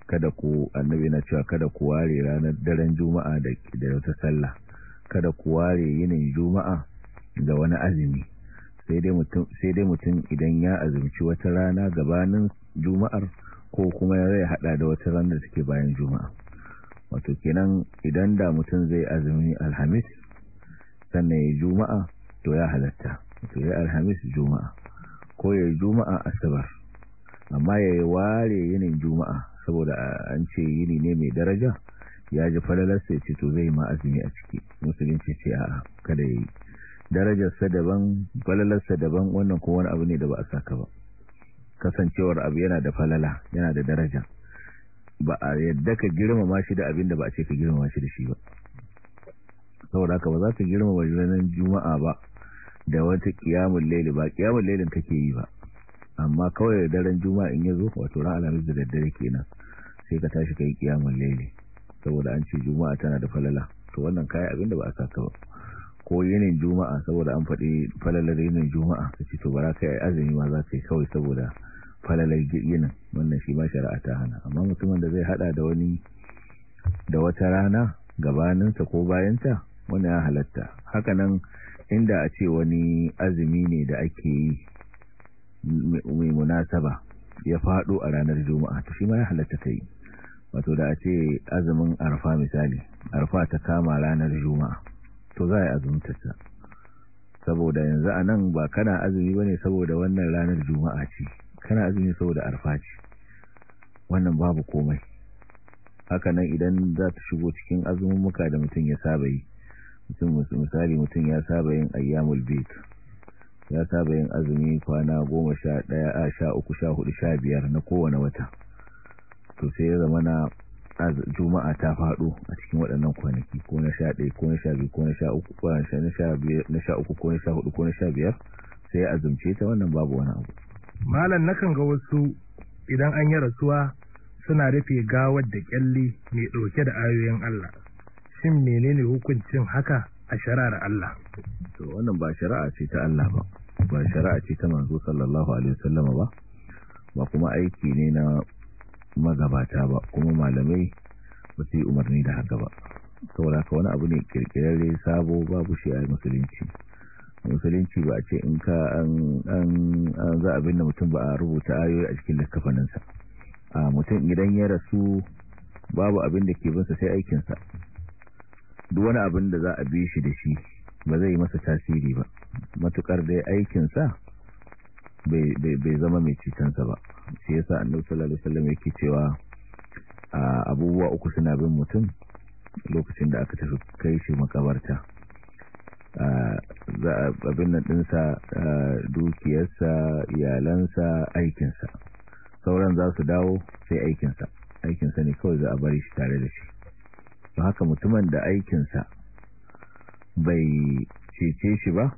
kada ku annabi na cewa kada ku ware ranar daren juma'a da da wata sallah kada ku ware yinin juma'a da wani azumi sai dai mutum sai dai mutum idan ya azumci wata rana gabanin juma'ar ko kuma ya zai hada da wata ran da bayan juma'a wato kenan idan da mutum zai azumi alhamis sannan ya juma'a to ya halatta to ya alhamis juma'a ko ya juma'a asabar amma ya yi ware yinin juma'a saboda an ce yini ne mai daraja ya ji falalarsa ya ce to zai ma azumi a ciki musulunci ce a kada ya yi darajarsa daban falalarsa daban wannan ko abu ne da ba a saka ba kasancewar abu yana da falala yana da daraja ba a yadda ka girmama shi da abin da ba a ce ka girmama shi da shi ba saboda ka ba za ka girmama ranar juma'a ba da wata kiyamun laili ba kiyamun lailin kake yi ba amma kawai da daren juma'a in zo wato ran alhamis da daddare kenan sai ka tashi ka yi kiyamun laili saboda an ce juma'a tana da falala to wannan ka abin da ba a saka ba ko yinin juma'a saboda an faɗi falalar yinin juma'a ka ce to bara ka azumi ma za ka yi kawai saboda falalar yinin wannan shi ma shari'a ta hana amma mutumin da zai hada da wani da wata rana gabaninsa ko bayanta wannan ya halatta hakanan inda a ce wani azumi ne da ake yi mai munasaba ya faɗo a ranar juma'a to shi ma ya halatta kai wato da a ce azumin arfa misali arfa ta kama ranar juma'a to za a azumta ta saboda yanzu a nan ba kana azumi ba ne saboda wannan ranar juma'a ce kana azumi saboda arfa ce wannan babu komai haka nan idan za ta shigo cikin azumumuka da mutum ya saba yi mutum misali mutum ya saba yin ayyamul bait ya saba yin azumi kwana goma sha ɗaya a sha uku sha hudu sha biyar na kowane wata to sai ya zama na juma'a ta faɗo a cikin waɗannan kwanaki ko na sha ɗaya ko na sha biyu ko na sha uku ko na sha uku ko na sha hudu ko na sha biyar sai ya azumce ta wannan babu wani abu malam nakan ga wasu idan an yi rasuwa suna rufe gawar da kyalle mai ɗauke da ayoyin Allah shin menene hukuncin haka a shara'ar Allah to wannan ba shari'a ce ta Allah ba ba shari'a ce ta manzo sallallahu alaihi wasallama ba ba kuma aiki ne na magabata ba kuma malamai ba su yi umarni da haka ba saboda ka wani abu ne ya sabo babu shi a musulunci musulunci ba a ce in ka an za a binne mutum ba a rubuta ayoyi a cikin littafaninsa a mutum idan ya rasu babu abin da ke binsa sai aikinsa duk wani abin da za a bi shi da shi ba zai yi masa tasiri ba matukar da dai aikinsa bai zama mai cetonsa ba shi yasa annabi sallallahu alaihi wasallam yake cewa abubuwa uku suna bin mutum lokacin da aka tafi kai shi makabarta za a abin nan dinsa dukiyarsa iyalansa aikinsa sauran za su dawo sai aikinsa aikinsa ne kawai za a bari shi tare da shi ba haka mutumin da aikinsa bai cece shi ba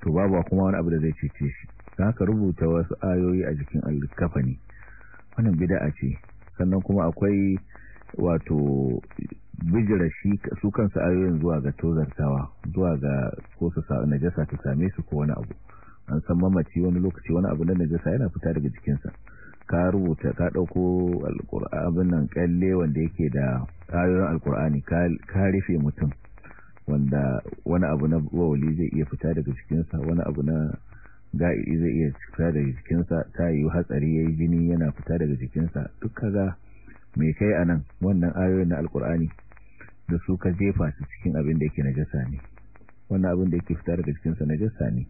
to babu kuma wani abu da zai cece shi za ka rubuta wasu ayoyi a jikin alkafa ne wannan a ce sannan kuma akwai wato bijira shi su kansu ayoyin zuwa ga tozartawa zuwa ga ko su sa najasa ta same su ko wani abu an san mamaci wani lokaci wani abu na najasa yana fita daga jikinsa ka rubuta ka dauko abin nan kalle wanda yake da ayoyin alkur'ani ka rufe mutum wanda wani abu na wawali zai iya fita daga jikinsa wani abu na ga'idi zai iya fita daga jikinsa ta yi hatsari ya yi jini yana fita daga jikinsa duk kaga mai kai a nan wannan ayoyin na alkur'ani da su ka jefa su cikin abin da yake najasa ne wannan abin da yake fita daga jikinsa najasa ne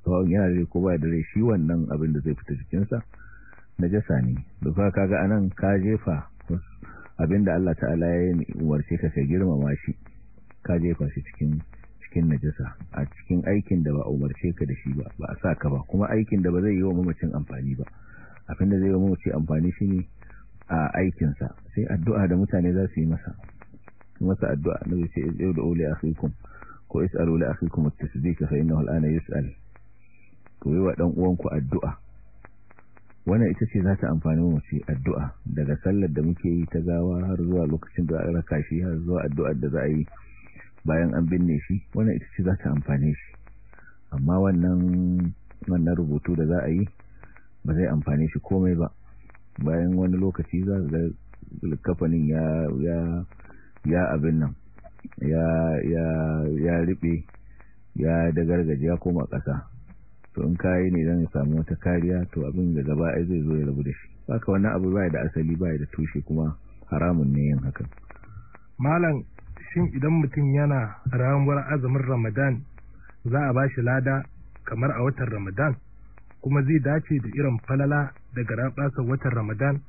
tsawon yana da ko baya da rai shi wannan abin da zai fita jikinsa najasa ne duk kaga a nan ka jefa abin da Allah ta'ala ya umarce ka ka girmama shi ka jefa shi cikin cikin najasa a cikin aikin da ba a umarce ka da shi ba ba a sa ka ba kuma aikin da ba zai yi wa mamacin amfani ba abin da zai yi wa mamacin amfani shi ne a aikinsa sai addu'a da mutane za su yi masa masa addu'a na zai ce yau da ole fikun ko a fikun mutu su zai kafa ina hul'ana yi yus'al ko yi wa ɗan uwanku addu'a wannan ita ce za ta amfani wa mace addu'a daga sallar da muke yi ta gawa har zuwa lokacin da aka shi har zuwa addu'ar da za a yi bayan an binne shi wannan ita ce za ta amfane shi amma wannan wannan rubutu da za a yi ba zai amfane shi komai ba bayan wani lokaci za zai kafanin ya ya ya abin nan ya ya ya riɓe, ya ya koma ƙasa to in kayi ne zan samu wata kariya to abin da gaba ai zai zo ya rabu da shi haka wannan abu bai da asali bai da tushe kuma haramun ne yin hakan malam shin idan mutum yana ramuwar azumin ramadan za a bashi lada kamar a watan ramadan kuma zai dace da irin falala daga rabasa watan ramadan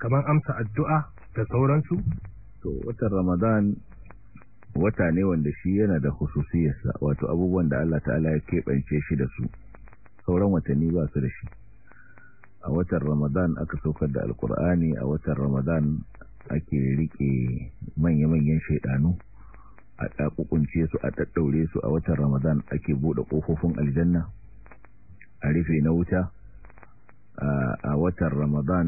kamar amsa addu'a da sauransu to watan ramadan wata ne wanda shi yana da hususiyarsa wato abubuwan da Allah ta'ala ya keɓance shi da su sauran watanni ba su da shi a watan ramadan aka saukar da alkur'ani a watan ramadan ake rike manya-manyan shaidanu a tsakukunce su a ɗaɗɗaure su a watan ramadan ake buɗe kofofin aljanna a rufe na wuta a watan ramadan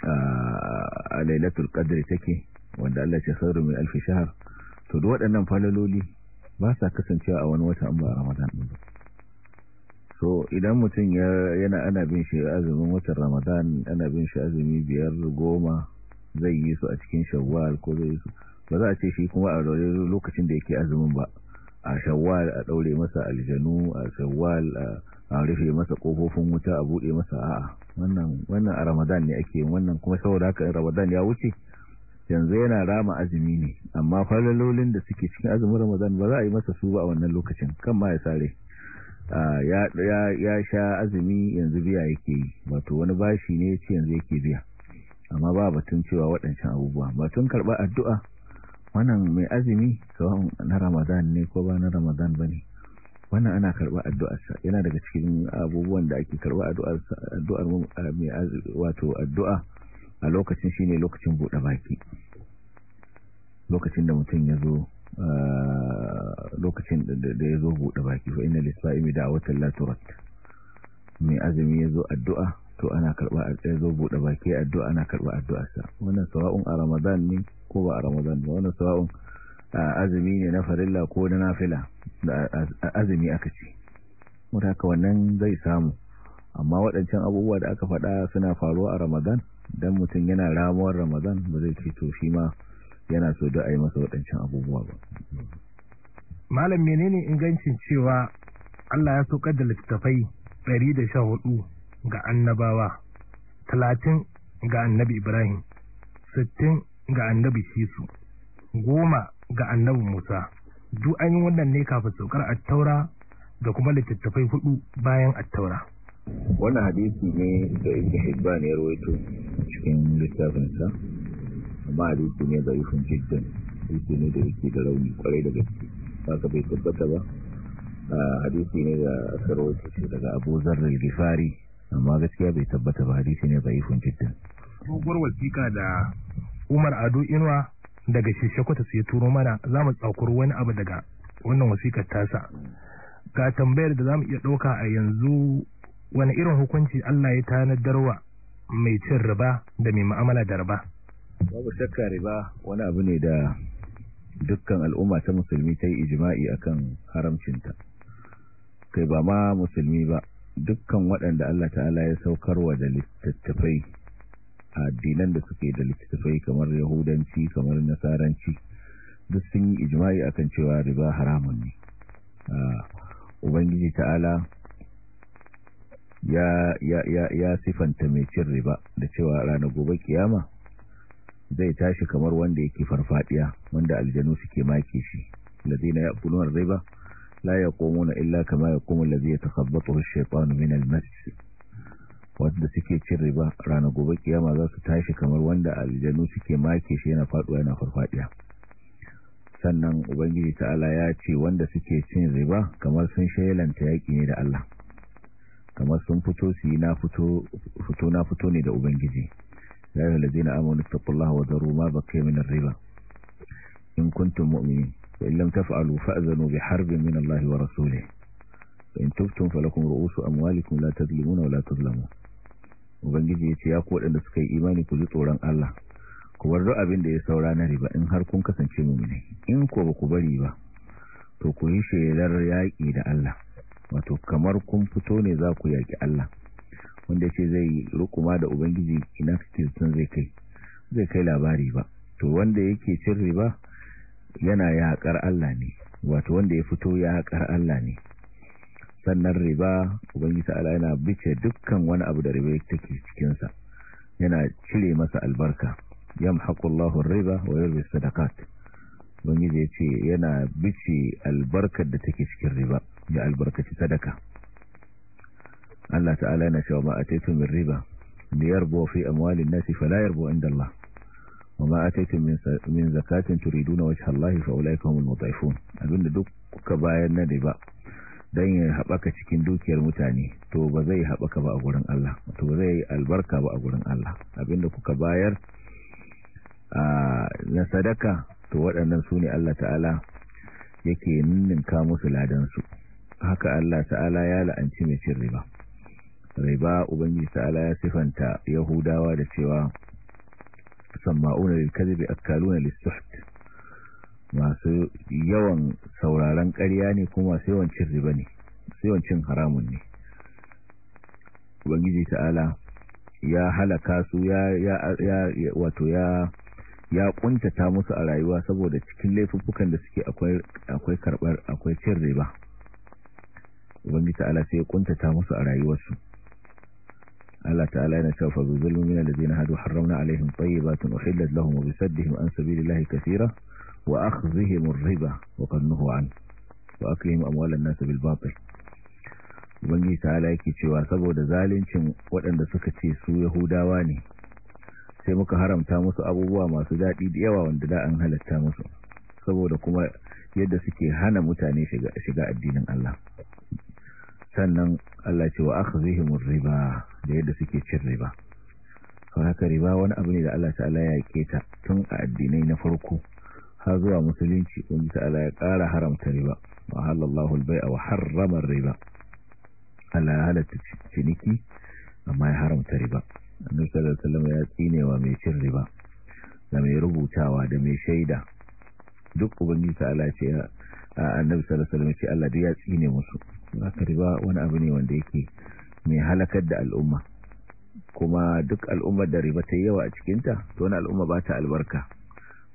a lailatul qadri take wanda Allah ya sauri mai alfi shahar to duk waɗannan falaloli ba sa kasancewa a wani wata amma a ramadan so idan mutum yana ana bin shi azumin watan ramadan ana bin shi azumi biyar goma zai yi su a cikin shawwal ko zai yi su ba za a ce shi kuma a lokacin da yake azumin ba a shawwal a ɗaure masa aljanu a shawwal a rufe masa kofofin wuta a bude masa a'a wannan a ramadan ne ake yin wannan kuma saboda haka ramadan ya wuce yanzu yana rama azumi ne amma falalolin da suke cikin azumin ramadan ba za a yi masa su ba a wannan lokacin kan ma ya sare ya sha azumi yanzu biya yake yi wato wani bashi ne ya ce yanzu yake biya amma ba batun cewa waɗancan abubuwa batun karɓar addu'a wannan mai azumi kawai na ramadan ne ko ba na ramadan ba ne wannan ana karɓar addu'arsa yana daga cikin abubuwan da ake karɓar addu'ar mai azumi wato addu'a a lokacin shi ne lokacin buɗe baki lokacin da mutum ya zo lokacin da ya zo buɗe baki fa’in da lisfa'imi da watan laturat mai azumi ya zo addu'a to ana karba a tsaye zo bude baki addu'a ana karba addu'arsa wannan sawa'un a ramadan ne ko ba a ramadan ne wannan sawa'un azumi ne na farilla ko na nafila da azumi aka ce mutaka wannan zai samu amma waɗancan abubuwa da aka faɗa suna faruwa a ramadan dan mutum yana ramuwar ramadan ba zai ce to shi ma yana so da a yi masa waɗancan abubuwa ba malam menene ingancin cewa Allah ya so da littattafai 114 ga annabawa talatin ga annabi ibrahim sittin ga annabi shisu goma ga annabi musa duk an yi wannan ne kafin saukar attaura da kuma littattafai hudu bayan attaura wannan hadisi ne da hibba ne ya rawaito cikin littafinsa amma hadisi ne da yufin jiddan hadisi ne da yake da rauni kwarai da gaske ba ka bai tabbata ba ah, hadisi ne da aka rawaito daga abu da gifari amma gaskiya bai tabbata ba hadisi ne da'ifun jiddan tsohuwar wasiƙa da Umar Ado Inuwa daga Shishakwata su ya turo mana za mu tsaukar wani abu daga wannan wasiƙar tasa ga tambayar da za mu iya ɗauka a yanzu wani irin hukunci Allah ya tanadarwa mai cin riba da mai ma'amala da riba babu shakka riba wani abu ne da dukkan al'umma ta musulmi ta yi ijima'i akan haramcinta kai ba ma musulmi ba dukkan waɗanda Allah ta'ala ya wa da littattafai addinan da suke da littattafai kamar yahudanci kamar nasaranci duk sun yi ijma'i akan cewa riba haramun ne ubangiji ta'ala ya ya ya ya sifanta mai cin riba da cewa ranar gobe kiyama zai tashi kamar wanda yake farfadiya wanda aljanu suke make shi ladina bulwar riba لا يقومون illa كما يقوم الذي يتخبطه الشيطان من min wanda suke cin riba ranar gobe kiyama za su tashi kamar wanda aljanu suke make shi yana faduwa yana farfadiya sannan ubangiji ta'ala ya ce wanda suke cin riba kamar sun shayalanta yaƙi ne da Allah kamar sun fito su yi na fito na fito ne da ubangiji ya yi na amonu taqullaha da zaru ba kai minar riba in kuntun mumini fa illam taf'alu fa'zanu bi harbin min Allah wa rasulih fa in tubtum falakum ru'usu amwalikum la tadlimuna wa la ubangiji yace ya ku wadanda suka yi imani ku ji tsoron Allah ku bar duk abin da ya saura na riba in har kun kasance mu'mini in ko ba ku bari ba to ku yi shelar yaƙi da Allah wato kamar kun fito ne za ku yaƙi Allah wanda ce zai rukuma da ubangiji ina fitin zai kai zai kai labari ba to wanda yake cin riba yana yaƙar Allah ne wato wanda ya fito yaƙar Allah ne sannan riba ubangiji Allah yana bice dukkan wani abu da riba take cikin sa yana cire masa albarka yamhaqullahu riba wa yurbi sadaqat ubangiji yace yana bice albarkar da take cikin riba ya albarkaci sadaka Allah ta'ala yana cewa ma ataytum min riba liyarbu fi amwalin nasi falayar yarbu inda Allah وما أتيتم من زكاة تريدون وجه الله فأولئك هم المضعفون abinda duk kuka bayar na riba dan ya haɓaka cikin dukiyar mutane to ba zai haɓaka ba a gurin Allah to ba zai albarka ba a gurin Allah abinda kuka bayar na sadaka to waɗannan su ne Allah ta'ala yake ninninka musu su haka Allah ta'ala ya la'anci mai cin riba riba ubangiji ta'ala ya sifanta yahudawa da cewa samma'una lil kadhibi atkaluna lis suhd masu yawan sauraron ƙarya ne kuma sai wancin riba ne sai wancin haramun ne ubangiji ta'ala ya halaka su ya ya wato ya ya kuntata musu a rayuwa saboda cikin laifukan da suke akwai akwai karbar akwai cin riba ubangiji ta'ala sai ya kuntata musu a rayuwarsu Allah ta'ala yana cewa fazulul min alladhina hadu harramna alaihim tayyibatin uhillat lahum wa bisaddihim an sabilillahi kaseera wa akhdhihim ar-riba wa qad an wa aklihim amwalan nas bil batil ubangiji ta'ala yake cewa saboda zalincin waɗanda suka ce su yahudawa ne sai muka haramta musu abubuwa masu daɗi da yawa wanda da an halatta musu saboda kuma yadda suke hana mutane shiga addinin Allah sannan Allah ce wa akhzihim riba da yadda suke cin riba kawai haka riba wani abu ne da Allah ta'ala ya keta tun a addinai na farko har zuwa musulunci wanda ta'ala ya ƙara haramta riba wa halallahu albai'a wa harrama riba Allah ya halatta ciniki amma ya haramta riba annabi sallallahu alaihi wasallam ya tsinewa mai cin riba da mai rubutawa da mai shaida duk ubangiji ta'ala ce annabi sallallahu alaihi wasallam ce Allah ya tsine musu haka riba wani abu ne wanda yake mai halakar da al'umma kuma duk al'ummar da riba ta yawa a cikinta to wani al'umma ba ta albarka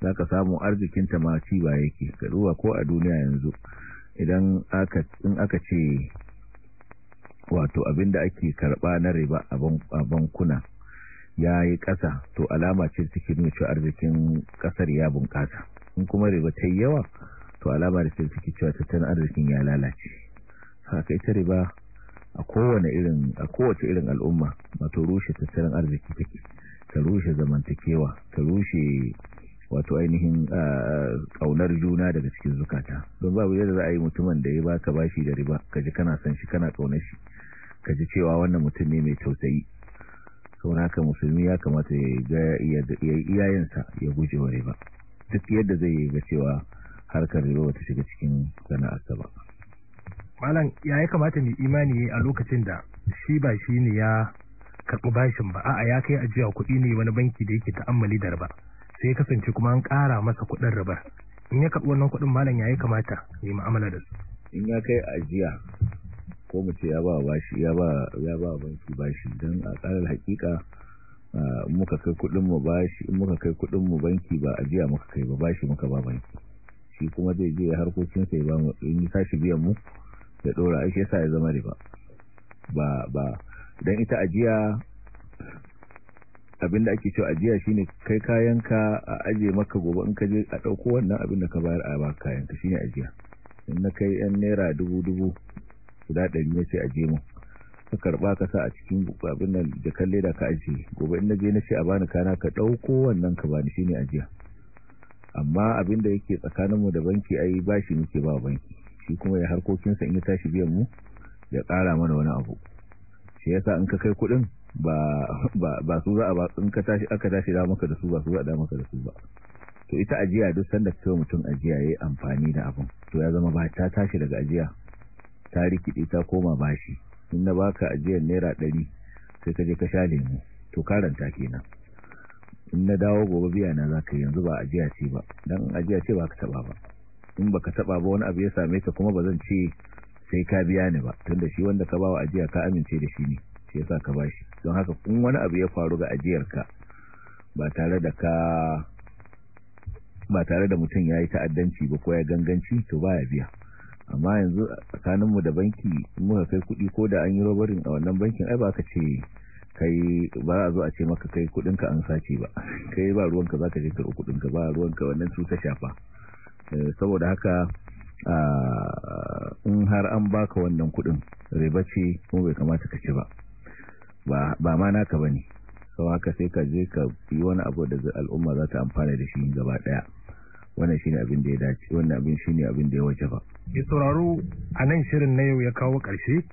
za ka samu arzikinta ma ci ba yake ka ruwa ko a duniya yanzu idan aka ce wato abin da ake karba na riba a bankuna ya yi ƙasa to alama ce suke nuna arzikin ƙasar ya bunƙasa in kuma riba ta yawa to alama da suke cewa tattalin arzikin ya lalace haka ita riba a kowane irin a kowace irin al'umma wato rushe tattalin arziki take ta rushe zamantakewa ta rushe wato ainihin kaunar juna daga cikin zukata don babu yadda za a yi mutumin da ya baka bashi da riba kaji kana san shi kana kaunar shi kaji cewa wannan mutum ne mai tausayi saboda haka musulmi ya kamata ya ga iyayensa ya guje wa riba duk yadda zai ga cewa harkar riba wata shiga cikin sana'arsa ba malam ya ya kamata mai imani a lokacin da shi ba shi ne ya karɓi bashin ba a'a ya kai ajiya kuɗi ne wani banki da yake ta'ammali da raba sai ya kasance kuma an ƙara masa kuɗin rabar in ya karɓi wannan kuɗin malam ya ya kamata ya mu'amala da su in ya kai ajiya ko mu ce ya ba bashi banki bashi dan a tsarin hakika muka kai kuɗin mu bashi in muka kai kuɗin mu banki ba ajiya muka kai ba bashi muka ba banki shi kuma zai je harkokin sai ba mu in tashi biyan mu da dora ai shi ya zama riba ba ba dan ita ajiya abinda ake cewa ajiya shine kai kayanka a aje maka gobe in ka je a dauko wannan abin da ka bayar a ba kayanka shine ajiya in na kai yan naira dubu dubu guda ɗari na ce aje mu ka karba ka sa a cikin abin nan da kalle da ka aje gobe in na je na ce a bani kana ka dauko wannan ka bani shine ajiya amma abin da yake tsakaninmu da banki ai bashi muke ba banki shi kuma ya harkokinsa in ya tashi biyan mu ya ƙara mana wani abu shi yasa in ka kai kuɗin ba su za a ba in ka tashi aka tashi da maka da su ba su za a da maka da su ba to ita ajiya duk sanda cewa mutum ajiya ya yi amfani da abin to ya zama ba ta tashi daga ajiya ta rikide ta koma bashi in na baka ajiyar naira ɗari sai ka je ka sha lemu to karanta kenan in na dawo gobe biya na za ka yanzu ba ajiya ce ba don ajiya ce ba ka taɓa ba in baka taba ba wani abu ya same ka kuma bazan ce sai ka biya ni ba tunda shi wanda ka bawa ajiya ka amince da shi ne shi yasa ka bashi don haka in wani abu ya faru ga ajiyar ka ba tare da ka ba tare da mutum yayi ta'addanci ba ko ya ganganci to baya biya amma yanzu tsakanin mu da banki muka kai kuɗi ko da an yi robarin a wannan bankin ai ba ce kai ba a zo a ce maka kai ka an sace ba kai ba ruwanka za ka je ka kuɗinka ba ruwanka wannan su ta shafa Eh, saboda haka in har an baka wannan kudin riba ce kuma bai kamata ka ci ba ba ma naka ne sau haka sai ka je ka yi wani abu da al'umma za ta amfana da shi gaba daya wannan abin da ya abin da ya waje ba ya sauraro a nan shirin na yau ya kawo ƙarshe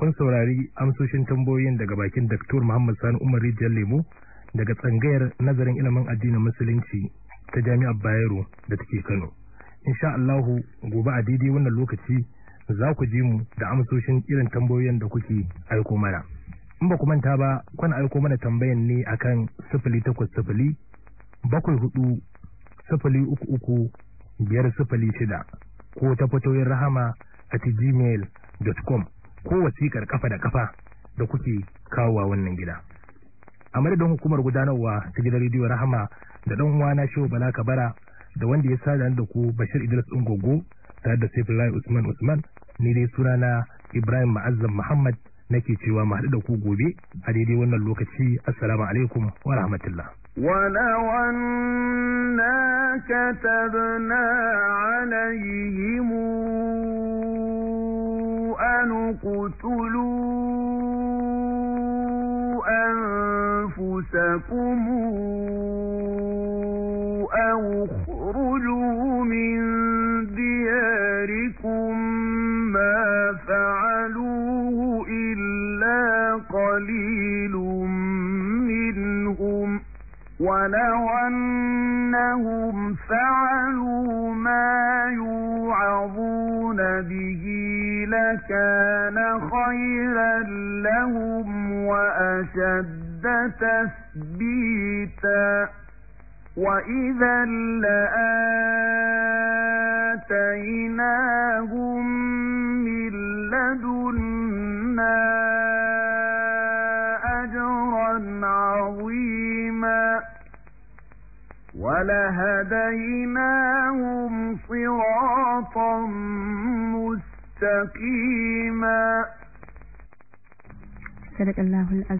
kun saurari amsoshin tambayoyin daga bakin Dr. Muhammad Sani Umar rijiyar Lemo daga tsangayar nazarin ilimin addinin musulunci ta Jami'ar Bayero da take Kano insha Allahu gobe a daidai wannan lokaci za ku ji mu da amsoshin irin tambayoyin da kuke aiko mana in ba ku manta ba kuna aiko mana tambayan ne akan sifili takwas sifili bakwai hudu sifili uku uku biyar sifili shida ko ta fatoyin rahama at gmail.com ko wasikar kafa da kafa da kuke kawowa wannan gida a madadin hukumar gudanarwa ta gidan rediyo rahama da ɗan uwana shehu bala kabara da wanda ya sada da ku Bashir Idris Ungogo tare da Saifullah Usman Usman ni dai sunana Ibrahim Ma'azzam Muhammad nake cewa mu haɗu da ku gobe a daidai wannan lokaci assalamu alaikum wa rahmatullah ولو أنا كتبنا عليهم أن اقتلوا أنفسكم أو قليل منهم ولو أنهم فعلوا ما يوعظون به لكان خيرا لهم وأشد تثبيتا وإذا لآتيناهم من لدنا ولهديناهم صراطا مستقيما صدق الله العظيم